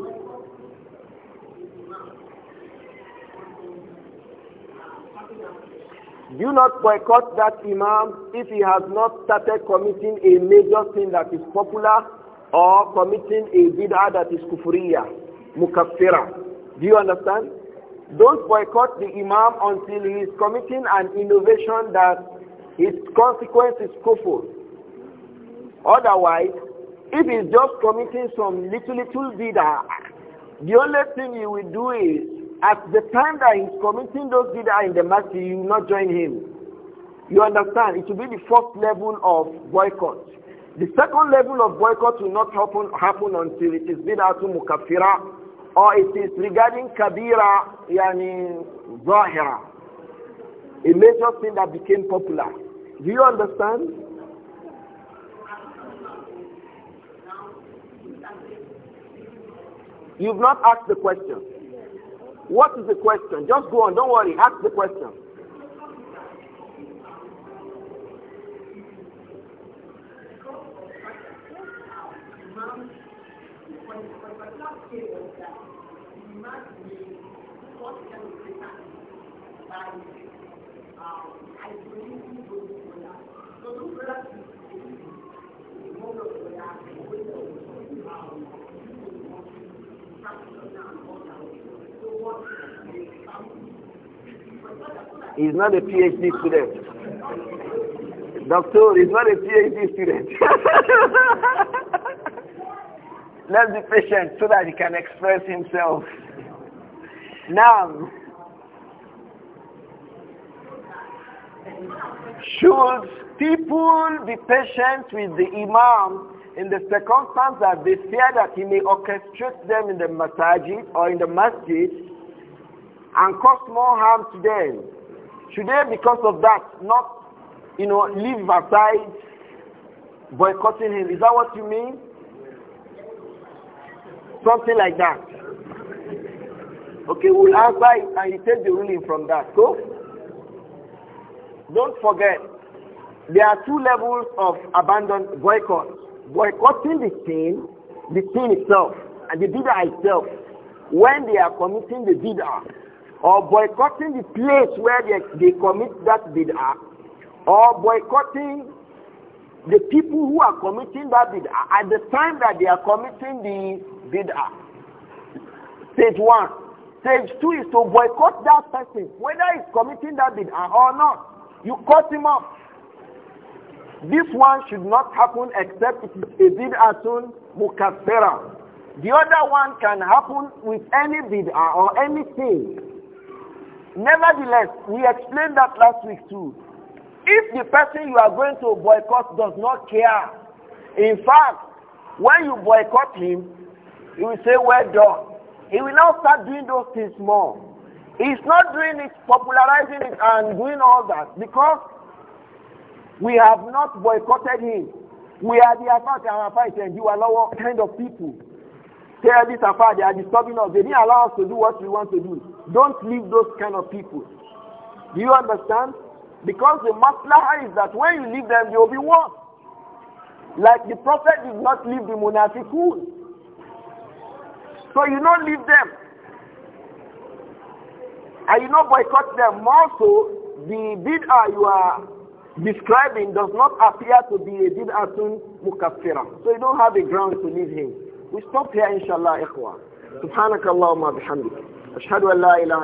Speaker 1: Do not boycott that imam if he has not started committing a major sin that is popular or committing a bid'ah that is kufriya, mukaffira. Do you understand? Don't boycott the imam until he is committing an innovation that its consequence is kufur. Otherwise, if he's just committing some little, little bid'ah, the only thing you will do is, at the time that he's committing those bid'ah in the masjid, you will not join him. You understand? It will be the first level of boycott. The second level of boycott will not happen, happen until it is bid'ah to mukafira or it is regarding kabira, yani zahira, a major thing that became popular. Do you understand? You've not asked the question. What is the question? Just go on. Don't worry. Ask the question.
Speaker 2: is not a PhD student.
Speaker 1: Doctor is not a PhD student. Let's be patient so that he can express himself. Now, should people be patient with the imam in the circumstance that they fear that he may orchestrate them in the masjid or in the masjid and cause more harm to them should they, because of that, not, you know, leave aside boycotting him? Is that what you mean? Something like that. Okay, we'll answer it and you take the ruling from that. Go. So, don't forget, there are two levels of abandon boycott. Boycotting the thing, the thing itself, and the dida itself. When they are committing the dida or boycotting the place where they, they commit that bid'ah, or boycotting the people who are committing that bid'ah at the time that they are committing the bid'ah. Stage one. Stage two is to boycott that person, whether he's committing that bid'ah or not. You cut him off. This one should not happen except if it is a soon mukaffera. The other one can happen with any bid'ah or anything Nevertheless, we explained that last week too. If the person you are going to boycott does not care, in fact, when you boycott him, he will say, well done. He will now start doing those things more. He's not doing it, popularizing it and doing all that because we have not boycotted him. We are the Afak and Afak and you allow all kind of people. Tell this Afak, they are disturbing us. They didn't allow us to do what we want to do. Don't leave those kind of people. Do you understand? Because the maslaha is that when you leave them, you'll be worse. Like the prophet did not leave the munafiqun. So you don't leave them. And you don't boycott them. Also, so, the bid'ah you are describing does not appear to be a bid'atun mukaffira. So you don't have a ground to leave him. We stop here, inshallah, ikhwa. سبحانك اللهم وبحمدك أشهد أن لا إله